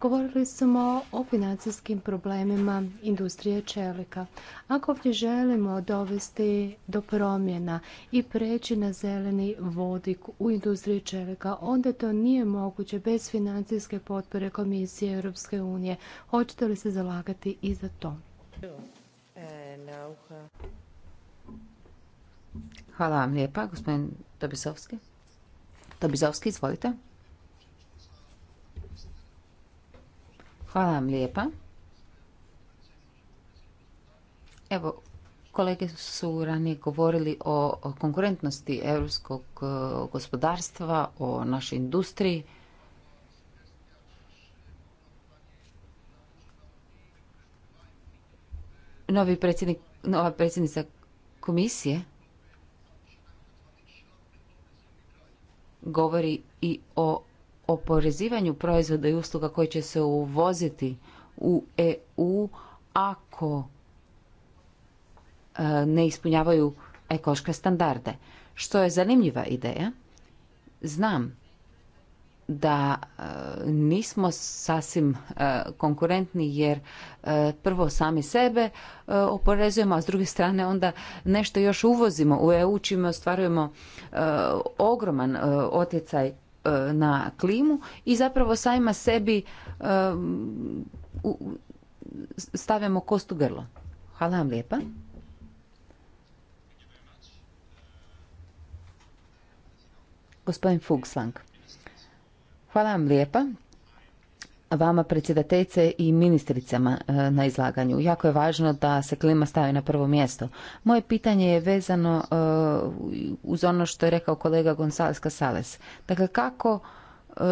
Govorili smo o financijskim problemima industrije čelika. Ako ovdje želimo dovesti do promjena i preći na zeleni vodik u industriji čelika, onda to nije moguće bez financijske potpore Komisije Europske unije. Hoćete li se zalagati i za to? Hvala vam lijepa, gospodin Dobizovski. Dobizovski, izvolite. Hvala vam lijepa. Evo, kolege su ranije govorili o konkurentnosti europskog eh, gospodarstva, o našoj industriji. novi predsjednik, nova predsjednica komisije govori i o oporezivanju proizvoda i usluga koji će se uvoziti u EU ako e, ne ispunjavaju ekološke standarde. Što je zanimljiva ideja. Znam da e, nismo sasvim e, konkurentni jer e, prvo sami sebe oporezujemo, a s druge strane onda nešto još uvozimo u EU čime ostvarujemo ogroman otjecaj na klimu i zapravo sajma sebi stavljamo kost u grlo. Hvala vam lijepa. Gospodin Fugslank. Hvala vam lijepa vama predsjedateljice i ministricama e, na izlaganju. Jako je važno da se klima stavi na prvo mjesto. Moje pitanje je vezano e, uz ono što je rekao kolega Gonzales Casales. Dakle, kako e,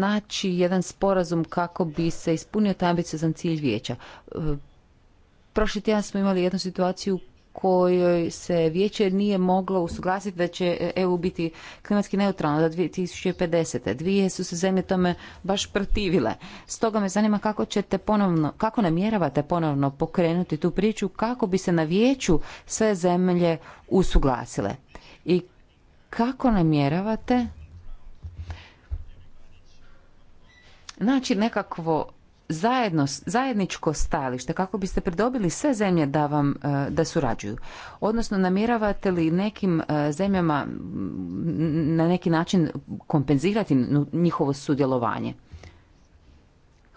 naći jedan sporazum kako bi se ispunio taj ambiciozan cilj vijeća? Prošli tjedan smo imali jednu situaciju kojoj se vijeće nije moglo usuglasiti da će EU biti klimatski neutralno do 2050. Dvije su se zemlje tome baš protivile. Stoga me zanima kako ćete ponovno, kako namjeravate ponovno pokrenuti tu priču, kako bi se na vijeću sve zemlje usuglasile. I kako namjeravate naći nekakvo zajedno, zajedničko stajalište kako biste pridobili sve zemlje da vam e, da surađuju. Odnosno namjeravate li nekim e, zemljama na neki način kompenzirati njihovo sudjelovanje?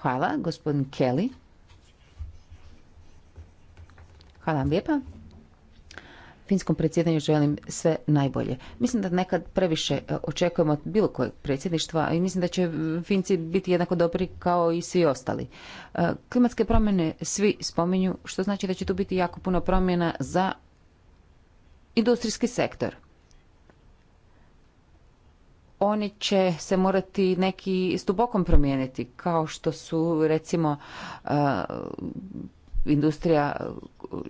Hvala, gospodin Kelly. Hvala vam lijepa finskom predsjedanju želim sve najbolje. Mislim da nekad previše e, očekujemo od bilo kojeg predsjedništva i mislim da će e, Finci biti jednako dobri kao i svi ostali. E, klimatske promjene svi spominju, što znači da će tu biti jako puno promjena za industrijski sektor oni će se morati neki s promijeniti, kao što su recimo industrija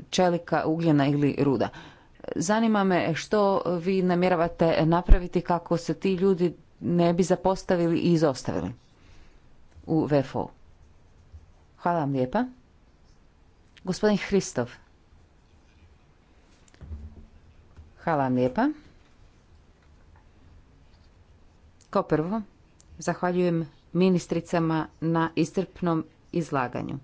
čelika, ugljena ili ruda. Zanima me što vi namjeravate napraviti kako se ti ljudi ne bi zapostavili i izostavili u VFO. Hvala vam lijepa. Gospodin Hristov. Hvala vam lijepa. Kao prvo, zahvaljujem ministricama na istrpnom izlaganju.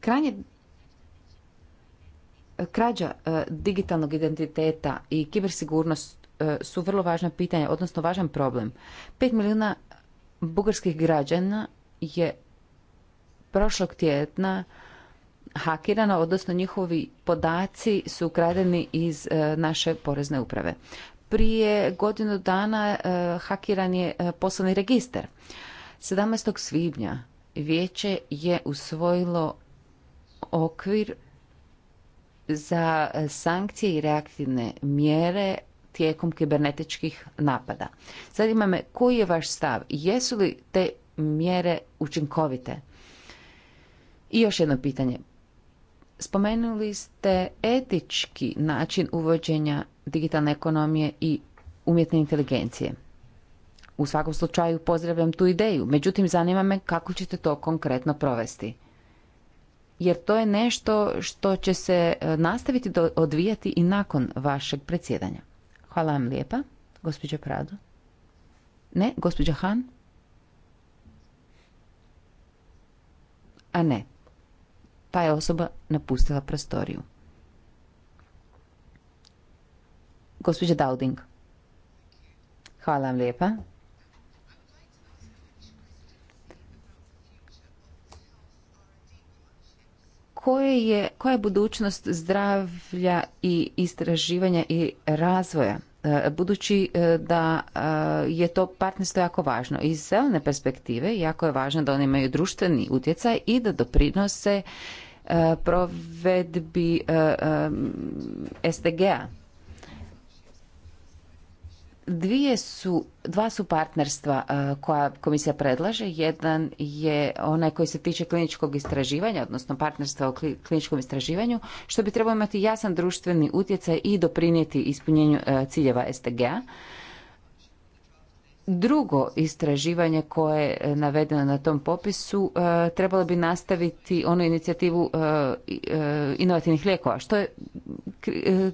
Krajnje Krađa e, digitalnog identiteta i kibersigurnost e, su vrlo važna pitanja, odnosno važan problem. 5 milijuna bugarskih građana je prošlog tjedna hakirano, odnosno njihovi podaci su ukradeni iz e, naše porezne uprave. Prije godinu dana hakiran je poslovni registar. 17. svibnja vijeće je usvojilo okvir za e, sankcije i reaktivne mjere tijekom kibernetičkih napada. Zanima me koji je vaš stav? Jesu li te mjere učinkovite? I još jedno pitanje. Spomenuli ste etički način uvođenja digitalne ekonomije i umjetne inteligencije. U svakom slučaju pozdravljam tu ideju, međutim zanima me kako ćete to konkretno provesti jer to je nešto što će se e, nastaviti odvijati i nakon vašeg predsjedanja. Hvala vam lijepa, gospođa Prado. Ne, gospođa Han? A ne, ta je osoba napustila prostoriju. Gospođa Dauding. Hvala vam lijepa. koje je, koja je budućnost zdravlja i istraživanja i razvoja? E, budući e, da e, je to partnerstvo jako važno iz zelene perspektive, jako je važno da oni imaju društveni utjecaj i da doprinose provedbi SDG-a Dvije su, dva su partnerstva koja komisija predlaže. Jedan je onaj koji se tiče kliničkog istraživanja, odnosno partnerstva o kliničkom istraživanju, što bi trebalo imati jasan društveni utjecaj i doprinijeti ispunjenju ciljeva STG-a. Drugo istraživanje koje je navedeno na tom popisu e, trebalo bi nastaviti onu inicijativu e, e, inovativnih lijekova, što je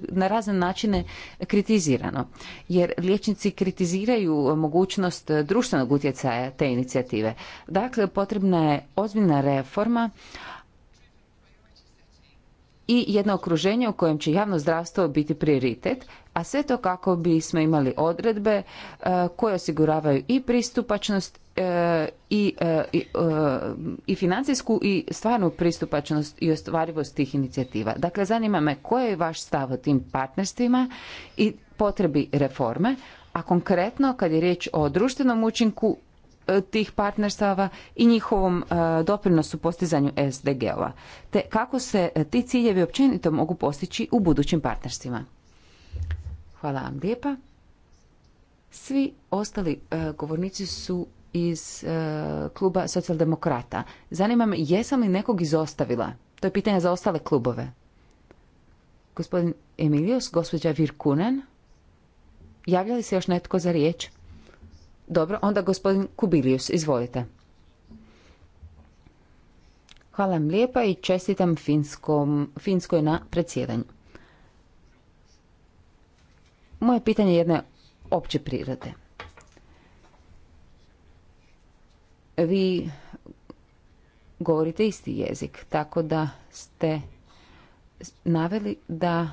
na razne načine kritizirano. Jer liječnici kritiziraju mogućnost društvenog utjecaja te inicijative. Dakle, potrebna je ozbiljna reforma, i jedno okruženje u kojem će javno zdravstvo biti prioritet, a sve to kako bismo imali odredbe e, koje osiguravaju i pristupačnost e, i, e, i financijsku i stvarnu pristupačnost i ostvarivost tih inicijativa. Dakle, zanima me koji je vaš stav o tim partnerstvima i potrebi reforme, a konkretno kad je riječ o društvenom učinku E, tih partnerstava i njihovom e, doprinosu postizanju SDG-ova, te kako se e, ti ciljevi općenito mogu postići u budućim partnerstvima. Hvala vam lijepa. Svi ostali govornici su iz kluba socijaldemokrata. Zanima me, jesam li nekog izostavila? To je pitanje za ostale klubove. Gospodin Emilijos, gospođa Virkunen. Javlja li se još netko za riječ? Dobro, onda gospodin Kubilius, izvolite. Hvala vam lijepa i čestitam Finskom, Finskoj na predsjedanju. Moje pitanje je jedne opće prirode. Vi govorite isti jezik, tako da ste naveli da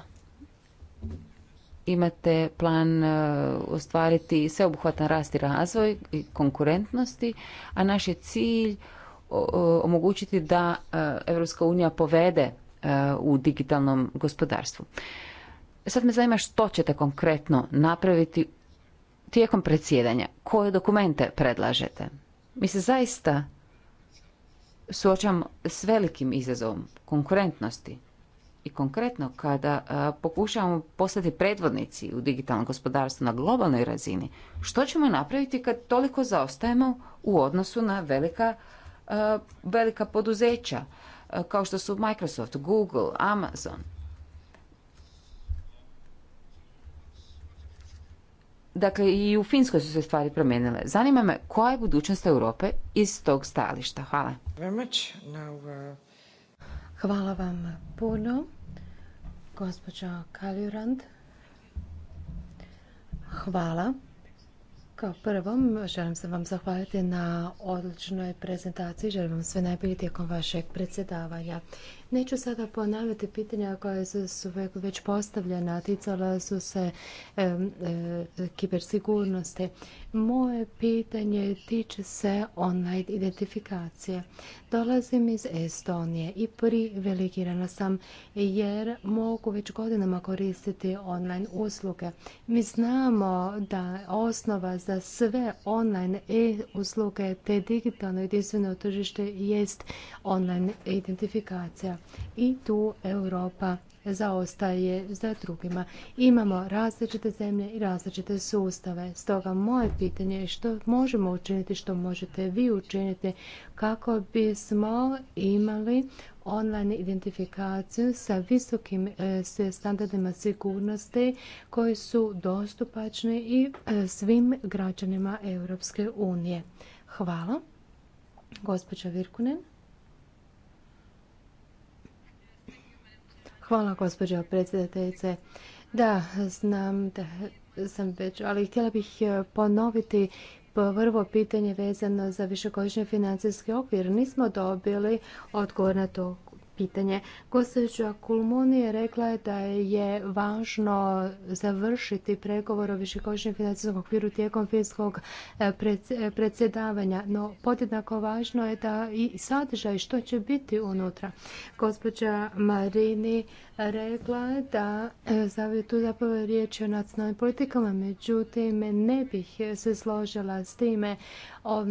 imate plan e, ostvariti sveobuhvatan rast i razvoj i konkurentnosti, a naš je cilj omogućiti da Europska unija povede e, u digitalnom gospodarstvu. Sad me zanima što ćete konkretno napraviti tijekom predsjedanja, koje dokumente predlažete. Mi se zaista suočamo s velikim izazovom konkurentnosti i konkretno kada e, pokušavamo postati predvodnici u digitalnom gospodarstvu na globalnoj razini, što ćemo napraviti kad toliko zaostajemo u odnosu na velika, e, velika poduzeća e, kao što su Microsoft, Google, Amazon? Dakle, i u Finskoj su se stvari promijenile. Zanima me koja je budućnost Europe iz tog stajališta. Hvala. Uh, Hvala vam puno gospođa Kaljurand, hvala. Kao prvom, želim se vam zahvaliti na odličnoj prezentaciji. Želim vam sve najbolje tijekom vašeg predsjedavanja. Neću sada ponavljati pitanja koja su već postavljena, ticala su se e, kibersigurnosti. Moje pitanje tiče se online identifikacije. Dolazim iz Estonije i privilegirana sam jer mogu već godinama koristiti online usluge. Mi znamo da osnova za sve online e-usluge te digitalno jedinstveno tržište jest online identifikacija i tu Europa zaostaje za drugima. Imamo različite zemlje i različite sustave. Stoga moje pitanje je što možemo učiniti, što možete vi učiniti kako bismo imali online identifikaciju sa visokim e, standardima sigurnosti koji su dostupačni i e, svim građanima Europske unije. Hvala. Gospođa Virkunen. Hvala gospođo predsjedateljice. Da, znam da sam već, ali htjela bih e, ponoviti prvo pitanje vezano za višegodišnji financijski okvir. Nismo dobili odgovor na to pitanje. Gospođa Kulmuni je rekla da je važno završiti pregovor o višegodišnjem financijskom okviru tijekom finskog e, e, predsjedavanja, no podjednako važno je da i sadržaj što će biti unutra. Gospođa Marini rekla da e, tu zapravo riječ o nacionalnim politikama, međutim ne bih se složila s time.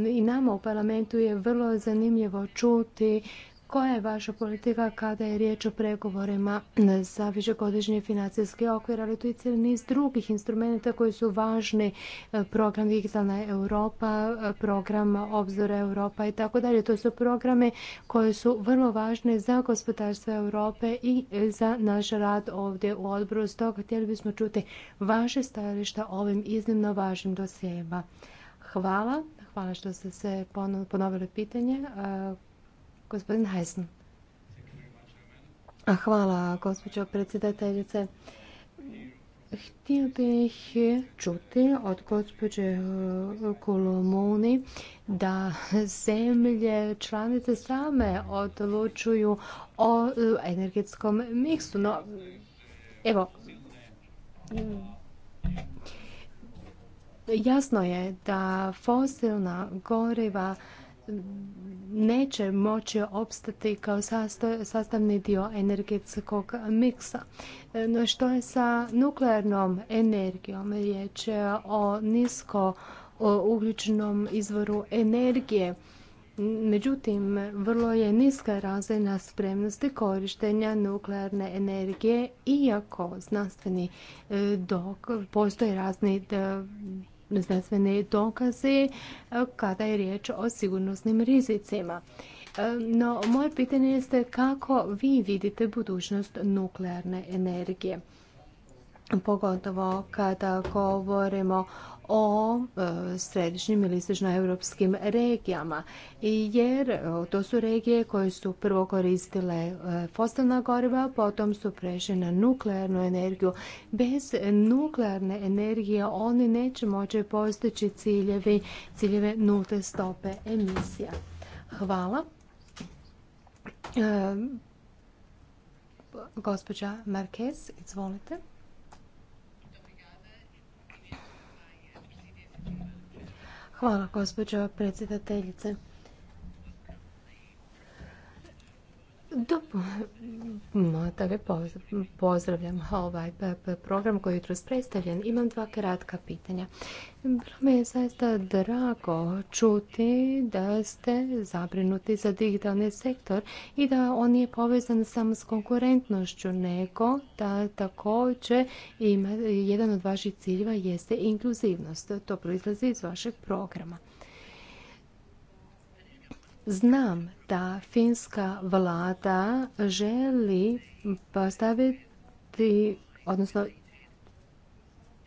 I nama u parlamentu je vrlo zanimljivo čuti koja je vaša politika kada je riječ o pregovorima za višegodišnji financijski okvir, ali tu je cijeli niz drugih instrumenta koji su važni, e, program Digitalna Europa, e, program Obzora Europa i tako dalje. To su programe koje su vrlo važne za gospodarstvo Europe i za naš rad ovdje u odboru. Stoga htjeli bismo čuti vaše stajališta ovim iznimno važnim dosijema. Hvala. Hvala što ste se ponovili pitanje. E, Gospodin a Hvala, gospođo predsjedateljice. Htio bih čuti od gospođe uh, Kolomoni da zemlje članice same odlučuju o uh, energetskom miksu. evo, jasno je da fosilna goriva neće moći opstati kao sastavni dio energetskog miksa. E, no što je sa nuklearnom energijom? Riječ je o nisko ugljičnom izvoru energije. Međutim, vrlo je niska razina spremnosti korištenja nuklearne energije, iako znanstveni e, dok postoje razni znanstvene dokaze e, kada je riječ o sigurnosnim rizicima. E, no, moje pitanje jeste kako vi vidite budućnost nuklearne energije pogotovo kada govorimo o e, središnjim ili europskim regijama jer e, to su regije koje su prvo koristile e, fosilna goriva, potom su prešli na nuklearnu energiju. Bez nuklearne energije oni neće moći postići ciljeve nulte stope emisija. Hvala. Gospođa Marquez, izvolite. Hvala gospođo predsjedateljice. Dobro, pozdravljam ovaj program koji je jutros predstavljen. Imam dva kratka pitanja. Bilo mi je zaista drago čuti da ste zabrinuti za digitalni sektor i da on nije povezan samo s konkurentnošću, nego da također jedan od vaših ciljeva jeste inkluzivnost. To proizlazi iz vašeg programa. Znam da finska vlada želi postaviti, odnosno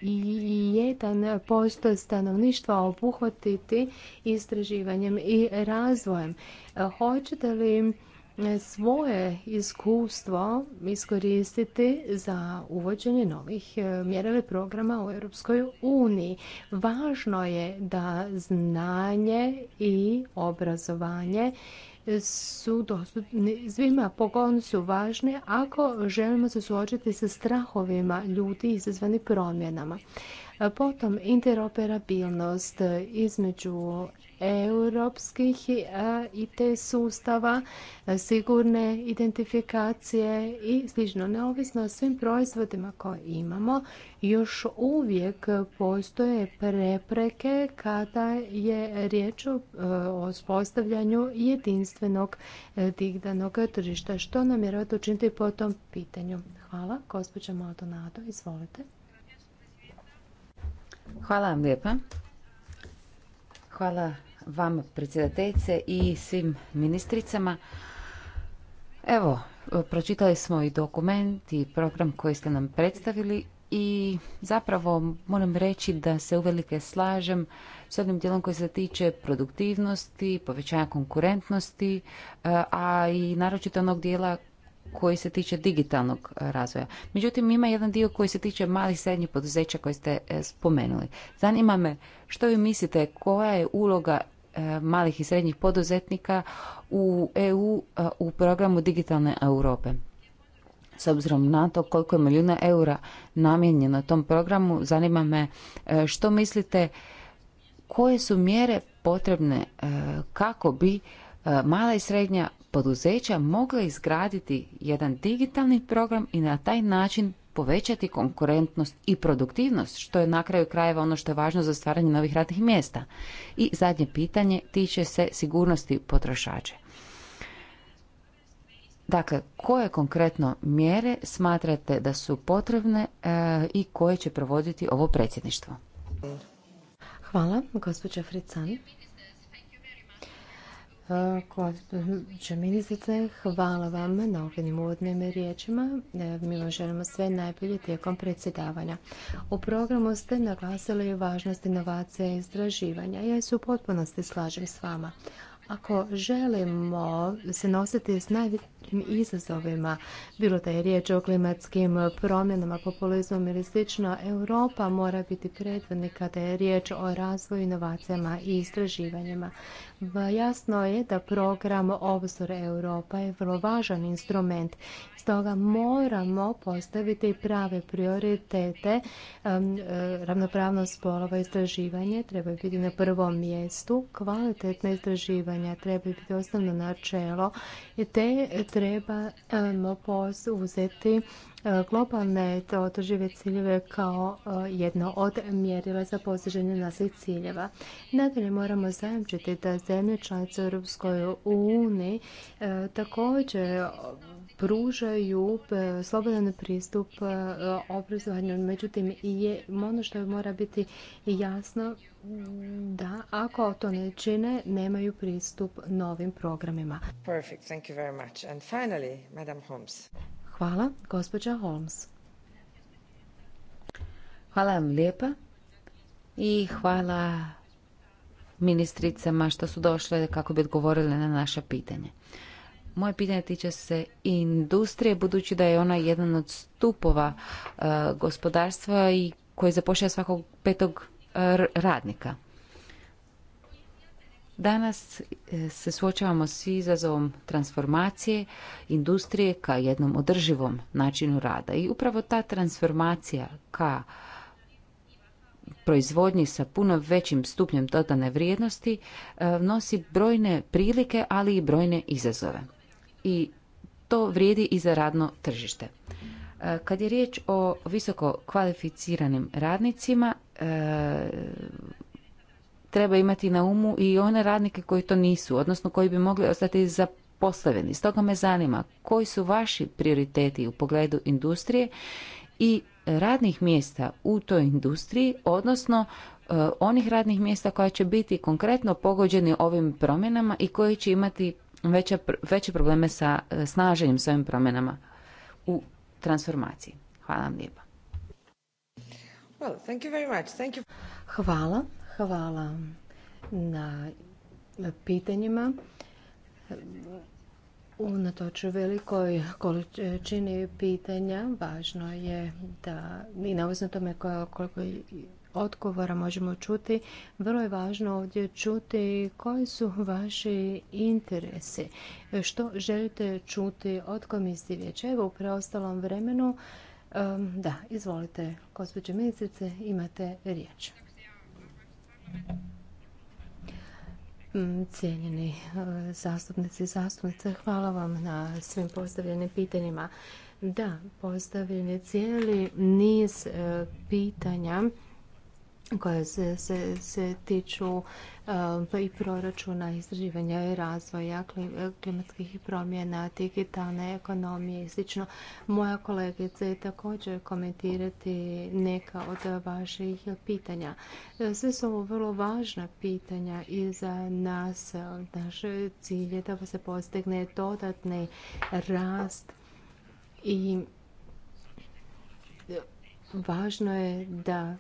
i jedan posto stanovništva obuhvatiti istraživanjem i razvojem. Hoćete li svoje iskustvo iskoristiti za uvođenje novih e, mjera i programa u Europskoj uniji. Važno je da znanje i obrazovanje su dostupni svima, pogodno su važne ako želimo se suočiti sa strahovima ljudi izazvani promjenama. Potom interoperabilnost između europskih e, i te sustava, e, sigurne identifikacije i slično. Neovisno o svim proizvodima koje imamo, još uvijek postoje prepreke kada je riječ o e, spostavljanju jedinstvenog digdanog tržišta. Što namjeravate učiniti po tom pitanju? Hvala. Gospođa Maldonado, izvolite. Hvala vam lijepa. Hvala vam predsjedateljice i svim ministricama. Evo, pročitali smo i dokument i program koji ste nam predstavili i zapravo moram reći da se uvelike slažem s onim dijelom koji se tiče produktivnosti, povećanja konkurentnosti, a i naročito onog dijela koji se tiče digitalnog e, razvoja. Međutim, ima jedan dio koji se tiče malih i srednjih poduzeća koje ste e, spomenuli. Zanima me što vi mislite koja je uloga e, malih i srednjih poduzetnika u EU u programu Digitalne Europe. S obzirom na to koliko je milijuna eura namijenjeno tom programu, zanima me što mislite koje su mjere potrebne kako bi E, mala i srednja poduzeća mogla izgraditi jedan digitalni program i na taj način povećati konkurentnost i produktivnost, što je na kraju krajeva ono što je važno za stvaranje novih radnih mjesta. I zadnje pitanje tiče se sigurnosti potrošača. Dakle, koje konkretno mjere smatrate da su potrebne e, i koje će provoditi ovo predsjedništvo? Hvala, gospođa Fritzani. E, ministrice, hvala vam na ovim uvodnim riječima. E, mi vam želimo sve najbolje tijekom predsjedavanja. U programu ste naglasili važnost inovacije i istraživanja. Ja se u potpunosti slažem s vama. Ako želimo se nositi s najvećim izazovima. Bilo da je riječ o klimatskim promjenama, populizmu, ili slično, Europa mora biti predvodnik kada je riječ o razvoju, inovacijama i istraživanjima. Jasno je da program Obzor Europa je vrlo važan instrument. Stoga moramo postaviti prave prioritete eh, ravnopravnost spolova istraživanje treba biti na prvom mjestu, kvalitetna istraživanja treba biti osnovno načelo te trebamo uzeti e, globalne održive ciljeve kao e, jedno od mjerila za postiženje naših ciljeva. Nadalje moramo zajamčiti da zemlje članice u Europskoj uniji e, također pružaju e, slobodan pristup e, obrazovanju. Međutim, je, ono što mora biti jasno mm, da ako to ne čine, nemaju pristup novim programima. Hvala, gospođa Holmes. Hvala vam lijepa i hvala ministricama što su došle kako bi odgovorile na naše pitanje. Moje pitanje tiče se industrije, budući da je ona jedan od stupova e, gospodarstva i koji zapošlja svakog petog e, radnika. Danas e, se suočavamo s izazovom transformacije industrije ka jednom održivom načinu rada i upravo ta transformacija ka proizvodnji sa puno većim stupnjem dodane vrijednosti nosi brojne prilike, ali i brojne izazove i to vrijedi i za radno tržište. E, kad je riječ o visoko kvalificiranim radnicima, e, treba imati na umu i one radnike koji to nisu, odnosno koji bi mogli ostati zaposleni. Stoga me zanima koji su vaši prioriteti u pogledu industrije i radnih mjesta u toj industriji, odnosno e, onih radnih mjesta koja će biti konkretno pogođeni ovim promjenama i koji će imati veće, veće probleme sa e, snaženjem s ovim promjenama u transformaciji. Hvala vam lijepa. Well, thank you very much. Thank you. Hvala, hvala na pitanjima. Unatoč velikoj količini pitanja, važno je da i neovisno tome koliko odgovora možemo čuti. Vrlo je važno ovdje čuti koji su vaši interesi, što želite čuti od komisije vijeća. Evo u preostalom vremenu, da, izvolite, gospođe ministrice, imate riječ. Mm, cijenjeni e, zastupnici i zastupnice, hvala vam na svim postavljenim pitanjima. Da, postavljen je cijeli niz e, pitanja koje se, se, tiču e, i proračuna, istraživanja i razvoja, klimatskih promjena, digitalne ekonomije i sl. Moja kolegica je također komentirati neka od vaših pitanja. E, sve su ovo vrlo važna pitanja i za nas. E, naš cilj je da se postigne dodatni rast i važno je da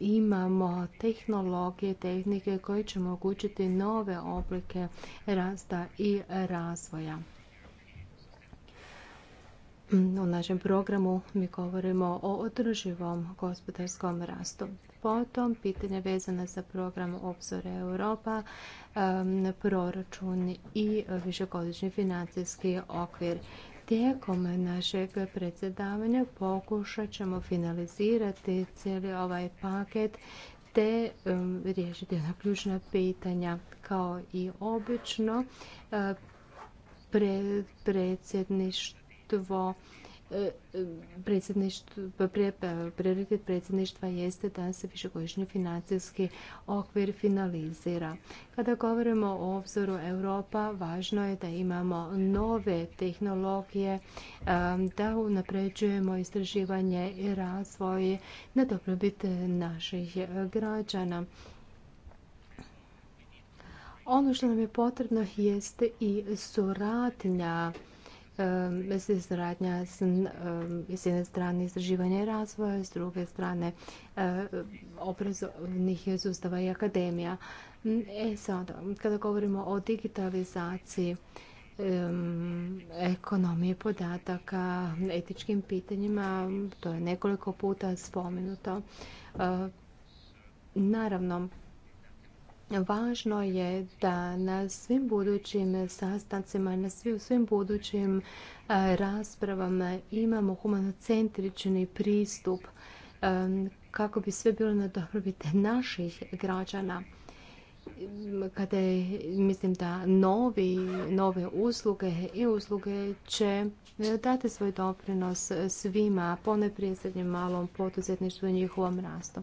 imamo tehnologije, tehnike koje će omogućiti nove oblike rasta i razvoja. U našem programu mi govorimo o održivom gospodarskom rastu. Potom pitanje vezana za program Obzore Europa, proračun i višegodišnji financijski okvir. Tijekom našeg predsjedavanja pokušat ćemo finalizirati cijeli ovaj paket te um, riješiti na ključna pitanja kao i obično uh, predsjedništvo E, e, pa pa prioritet predsjedništva jeste da se višegodišnji financijski okvir finalizira. Kada govorimo o obzoru Europa, važno je da imamo nove tehnologije, da unapređujemo istraživanje i razvoj na dobrobit naših građana. Ono što nam je potrebno jeste i suradnja zradnja s jedne strane istraživanja i razvoja, s druge strane obrazovnih sustava i akademija. E sad, kada govorimo o digitalizaciji, ekonomije podataka, etičkim pitanjima, to je nekoliko puta spomenuto. Naravno, Važno je da na svim budućim sastancima, na svim, svim budućim e, raspravama imamo humanocentrični pristup e, kako bi sve bilo na dobrobit naših građana kada mislim da novi, nove usluge i usluge će e, dati svoj doprinos svima, prije srednjem malom poduzetništvu i njihovom rastu.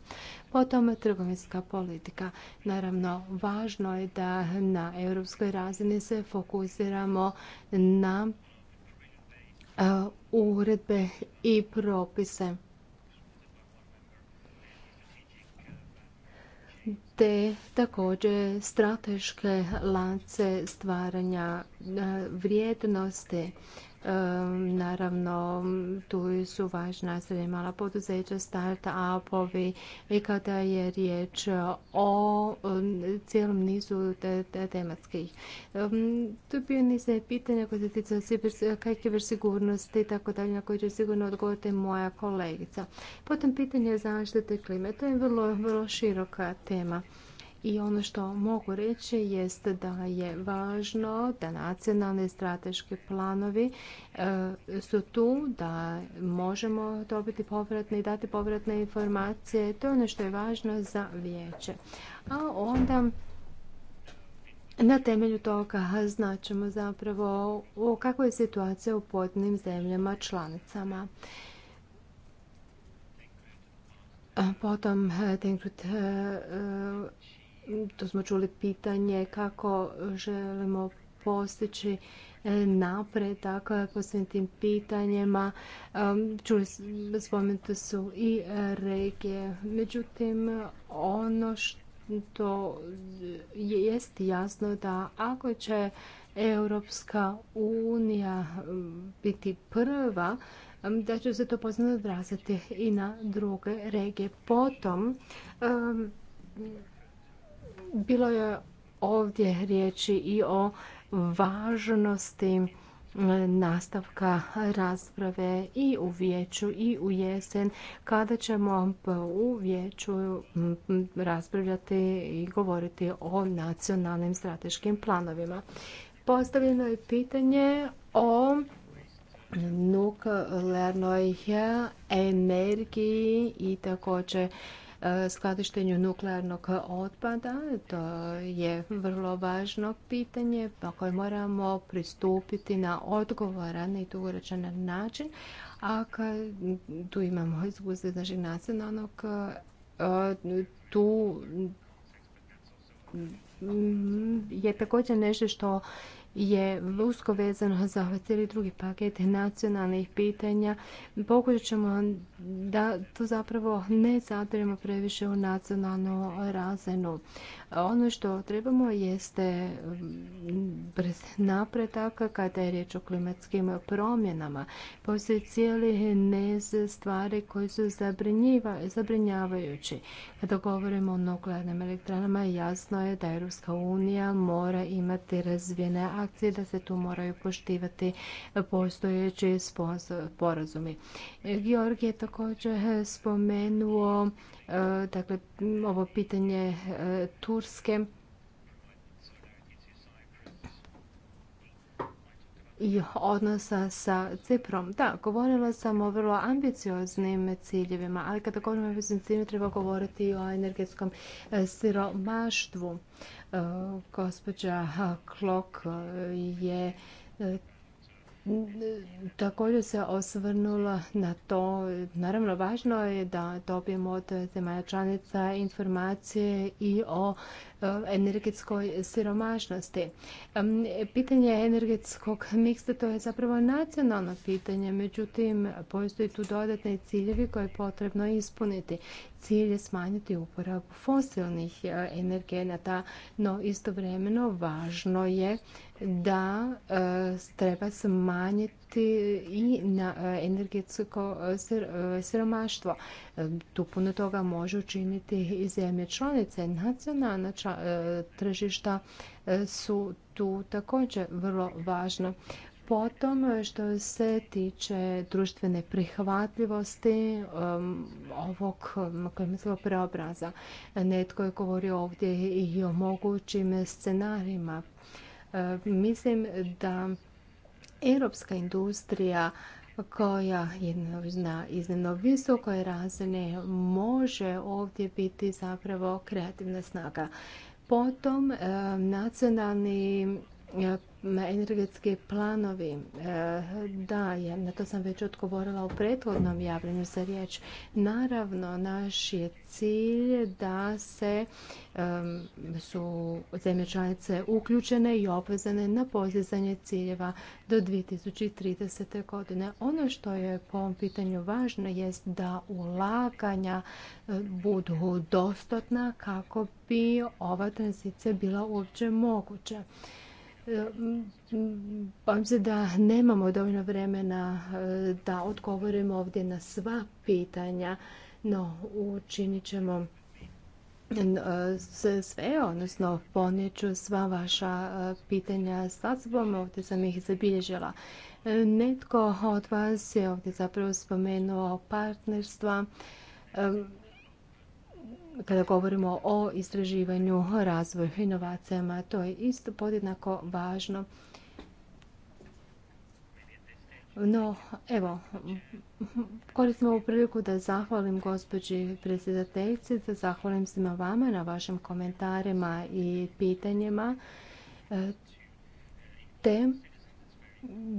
Potom trgovinska politika. Naravno, važno je da na europskoj razini se fokusiramo na e, uredbe i propise te također strateške lance stvaranja e, vrijednosti Naravno, tu su važna srednja mala poduzeća, start-upovi i kada je riječ o cijelom nizu tematskih. Tu je bio niz pitanja koje se tiče sigurnosti i tako dalje, na koje će sigurno odgovoriti moja kolegica. Potom pitanje zaštite klime. To je vrlo, vrlo široka tema. I ono što mogu reći jest da je važno da nacionalni strateški planovi e, su tu, da možemo dobiti povratne i dati povratne informacije. To je ono što je važno za vijeće. A onda na temelju toga značimo zapravo o kakva je situacija u podnim zemljama članicama. Potom e, e, to smo čuli pitanje kako želimo postići e, napredak po svim tim pitanjima. Čuli spomenute su i regije. Međutim, ono što jest jasno da ako će Europska unija biti prva, da će se to poznano odraziti i na druge regije. Potom, bilo je ovdje riječi i o važnosti e, nastavka rasprave i u vijeću i u jesen kada ćemo e, u vijeću raspravljati i govoriti o nacionalnim strateškim planovima. Postavljeno je pitanje o nuklearnoj energiji i također skladištenju nuklearnog otpada. To je vrlo važno pitanje pa koje moramo pristupiti na odgovoran i dugoročan način. A tu imamo izguze znači, nacionalnog, e, tu je također nešto što je usko vezano za cijeli drugi paket nacionalnih pitanja. Pokušat ćemo da to zapravo ne zadiremo previše u nacionalnu razinu. Ono što trebamo jeste mm, brz napredak kada je riječ o klimatskim promjenama. Postoji cijeli nez stvari koji su zabrinjavajući. Kada govorimo o nuklearnim elektranama, jasno je da Europska unija mora imati razvijene cilj da se tu moraju poštivati postojeći sporazumi. Georg je također spomenuo e, dakle, ovo pitanje e, Turske. i odnosa sa Ciprom. Da, govorila sam o vrlo ambicioznim ciljevima, ali kada govorimo o ambicioznim treba govoriti i o energetskom e, siromaštvu. E, gospođa Klok je e, Također se osvrnula na to, naravno važno je da dobijemo od zemalja članica informacije i o Eh, energetskoj siromašnosti. Pitanje energetskog miksa to je zapravo nacionalno pitanje, međutim postoji tu dodatne ciljevi koje je potrebno ispuniti. Cilj je smanjiti uporabu fosilnih eh, energenata, no istovremeno važno je da eh, treba smanjiti i na e, energetsko e, e, siromaštvo. Tu puno toga može učiniti i zemlje članice. Nacionalna tržišta su tu također vrlo važna. Potom što se tiče društvene prihvatljivosti ovog preobraza, netko je govorio ovdje i o mogućim scenarijima. mislim da europska industrija koja je na iznimno visokoj razine može ovdje biti zapravo kreativna snaga. Potom eh, nacionalni energetski planovi, e, da, je, na to sam već odgovorila u prethodnom javljenju za riječ. Naravno, naš je cilj da se su zemlje članice uključene i obvezane na postizanje ciljeva do 2030. godine. Ono što je po ovom pitanju važno jest da ulaganja e, budu dostatna kako bi ova tranzicija bila uopće moguća. Bojim se da nemamo dovoljno vremena e, da odgovorimo ovdje na sva pitanja, no učinit ćemo e, sve, odnosno poneću sva vaša e, pitanja sa sobom, ovdje sam ih zabilježila. Netko od vas je ovdje zapravo spomenuo partnerstva kada govorimo o istraživanju, razvoju, inovacijama, to je isto podjednako važno. No, evo, koristim ovu priliku da zahvalim gospođi predsjedateljici, da zahvalim svima vama na vašim komentarima i pitanjima, e, te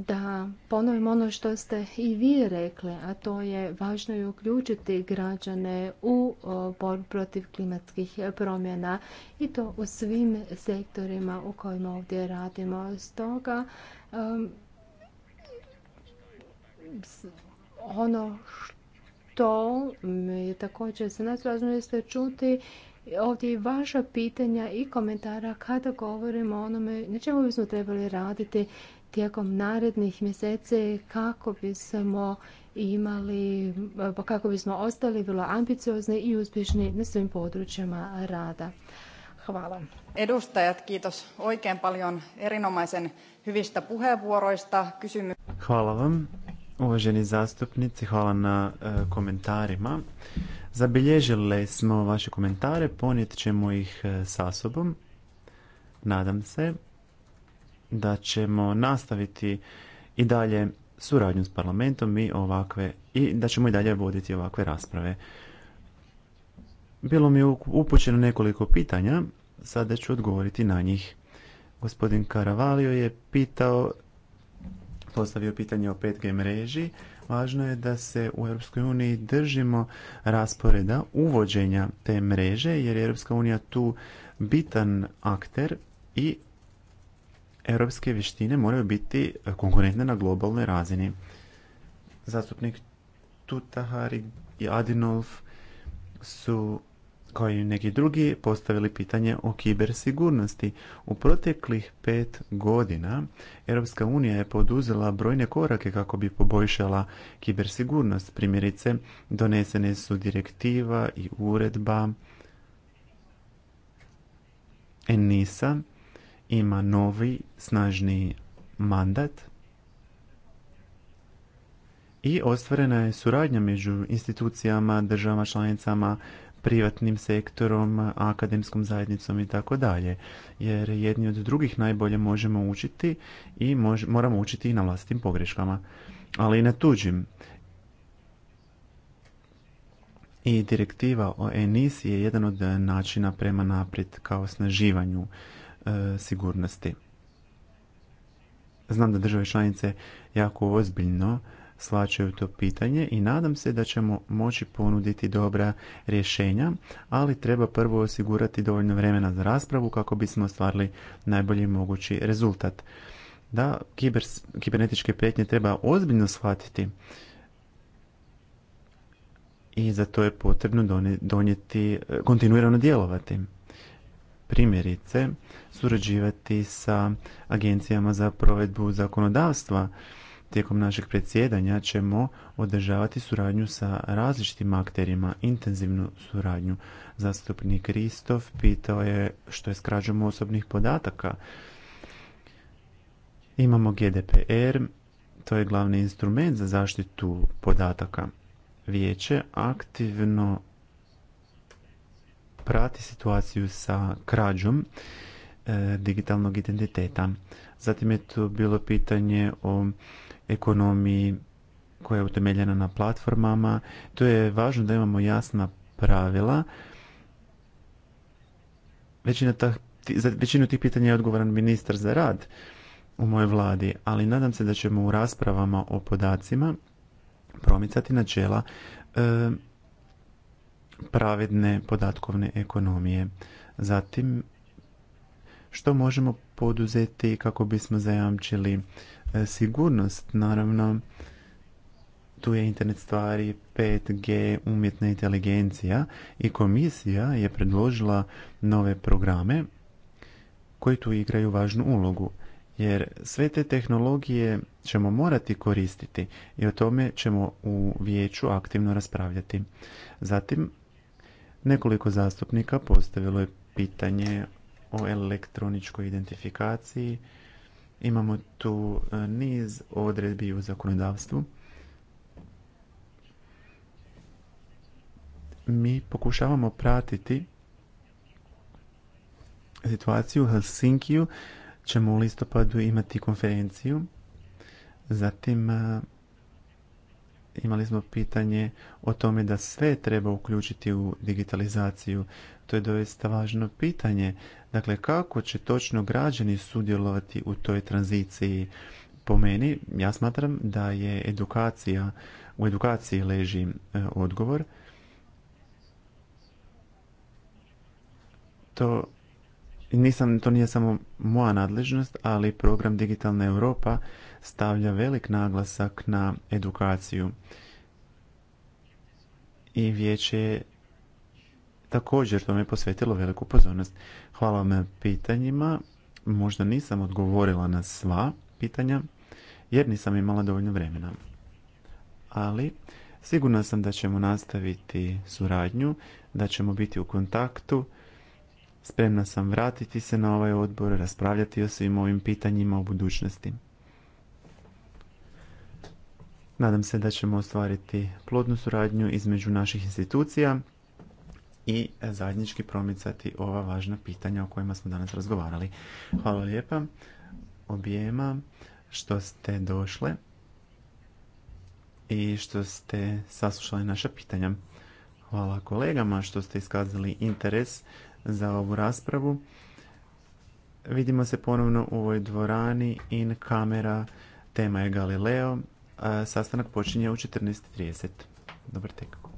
da ponovim ono što ste i vi rekli, a to je važno je uključiti građane u borbu protiv klimatskih e, promjena i to u svim sektorima u kojima ovdje radimo. Stoga ono što je također za nas važno jeste čuti ovdje i vaša pitanja i komentara kada govorimo o onome na čemu bismo trebali raditi tijekom narednih mjeseci kako bismo imali, pa kako bismo ostali vrlo ambiciozni i uspješni na svim područjima rada. Hvala. Edustajat, kiitos oikein paljon erinomaisen hyvistä puheenvuoroista. Kysymy... Hvala vam, uvaženi zastupnici, hvala na e, komentarima. Zabilježili smo vaše komentare, ponijet ćemo ih e, sa sobom. Nadam se da ćemo nastaviti i dalje suradnju s parlamentom i ovakve i da ćemo i dalje voditi ovakve rasprave. Bilo mi je upućeno nekoliko pitanja, sada ću odgovoriti na njih. Gospodin Karavalio je pitao, postavio pitanje o 5G mreži. Važno je da se u Europskoj uniji držimo rasporeda uvođenja te mreže, jer je Europska unija tu bitan akter i europske vještine moraju biti e, konkurentne na globalnoj razini. Zastupnik Tutahari i Adinolf su kao i neki drugi postavili pitanje o kibersigurnosti. U proteklih pet godina Europska unija je poduzela brojne korake kako bi poboljšala kibersigurnost. Primjerice, donesene su direktiva i uredba ENISA, ima novi snažni mandat i ostvarena je suradnja među institucijama, državama članicama, privatnim sektorom, akademskom zajednicom i tako dalje. Jer jedni od drugih najbolje možemo učiti i moramo učiti i na vlastitim pogreškama, ali i na tuđim. I direktiva o ENIS je jedan od načina prema naprijed kao snaživanju E, sigurnosti. Znam da države članice jako ozbiljno slačaju to pitanje i nadam se da ćemo moći ponuditi dobra rješenja, ali treba prvo osigurati dovoljno vremena za raspravu kako bismo ostvarili najbolji mogući rezultat. Da, kibernetičke prijetnje treba ozbiljno shvatiti i za to je potrebno donijeti, e, kontinuirano djelovati primjerice surađivati sa agencijama za provedbu zakonodavstva. Tijekom našeg predsjedanja ćemo održavati suradnju sa različitim akterima, intenzivnu suradnju. Zastupnik Kristof pitao je što je s osobnih podataka. Imamo GDPR, to je glavni instrument za zaštitu podataka. Vijeće aktivno prati situaciju sa krađom e, digitalnog identiteta. Zatim je tu bilo pitanje o ekonomiji koja je utemeljena na platformama. To je važno da imamo jasna pravila. Većina ta, za većinu tih pitanja je odgovoran ministar za rad u mojoj vladi, ali nadam se da ćemo u raspravama o podacima promicati načela e, pravedne podatkovne ekonomije. Zatim, što možemo poduzeti kako bismo zajamčili e, sigurnost? Naravno, tu je internet stvari 5G, umjetna inteligencija i komisija je predložila nove programe koji tu igraju važnu ulogu jer sve te tehnologije ćemo morati koristiti i o tome ćemo u vijeću aktivno raspravljati. Zatim Nekoliko zastupnika postavilo je pitanje o elektroničkoj identifikaciji. Imamo tu e, niz odredbi u zakonodavstvu. Mi pokušavamo pratiti situaciju u Helsinkiju. Ćemo u listopadu imati konferenciju. Zatim e, imali smo pitanje o tome da sve treba uključiti u digitalizaciju. To je doista važno pitanje. Dakle, kako će točno građani sudjelovati u toj tranziciji? Po meni, ja smatram da je edukacija, u edukaciji leži e, odgovor. To nisam, to nije samo moja nadležnost, ali program Digitalna Europa stavlja velik naglasak na edukaciju i vijeće je također tome posvetilo veliku pozornost. Hvala vam na pitanjima. Možda nisam odgovorila na sva pitanja jer nisam imala dovoljno vremena. Ali sigurna sam da ćemo nastaviti suradnju, da ćemo biti u kontaktu. Spremna sam vratiti se na ovaj odbor, raspravljati o svim ovim pitanjima u budućnosti. Nadam se da ćemo ostvariti plodnu suradnju između naših institucija i zajednički promicati ova važna pitanja o kojima smo danas razgovarali. Hvala lijepa objema što ste došle i što ste saslušali naša pitanja. Hvala kolegama što ste iskazali interes za ovu raspravu. Vidimo se ponovno u ovoj dvorani in kamera. Tema je Galileo. Sastanak počinje u 14.30. Dobar tek.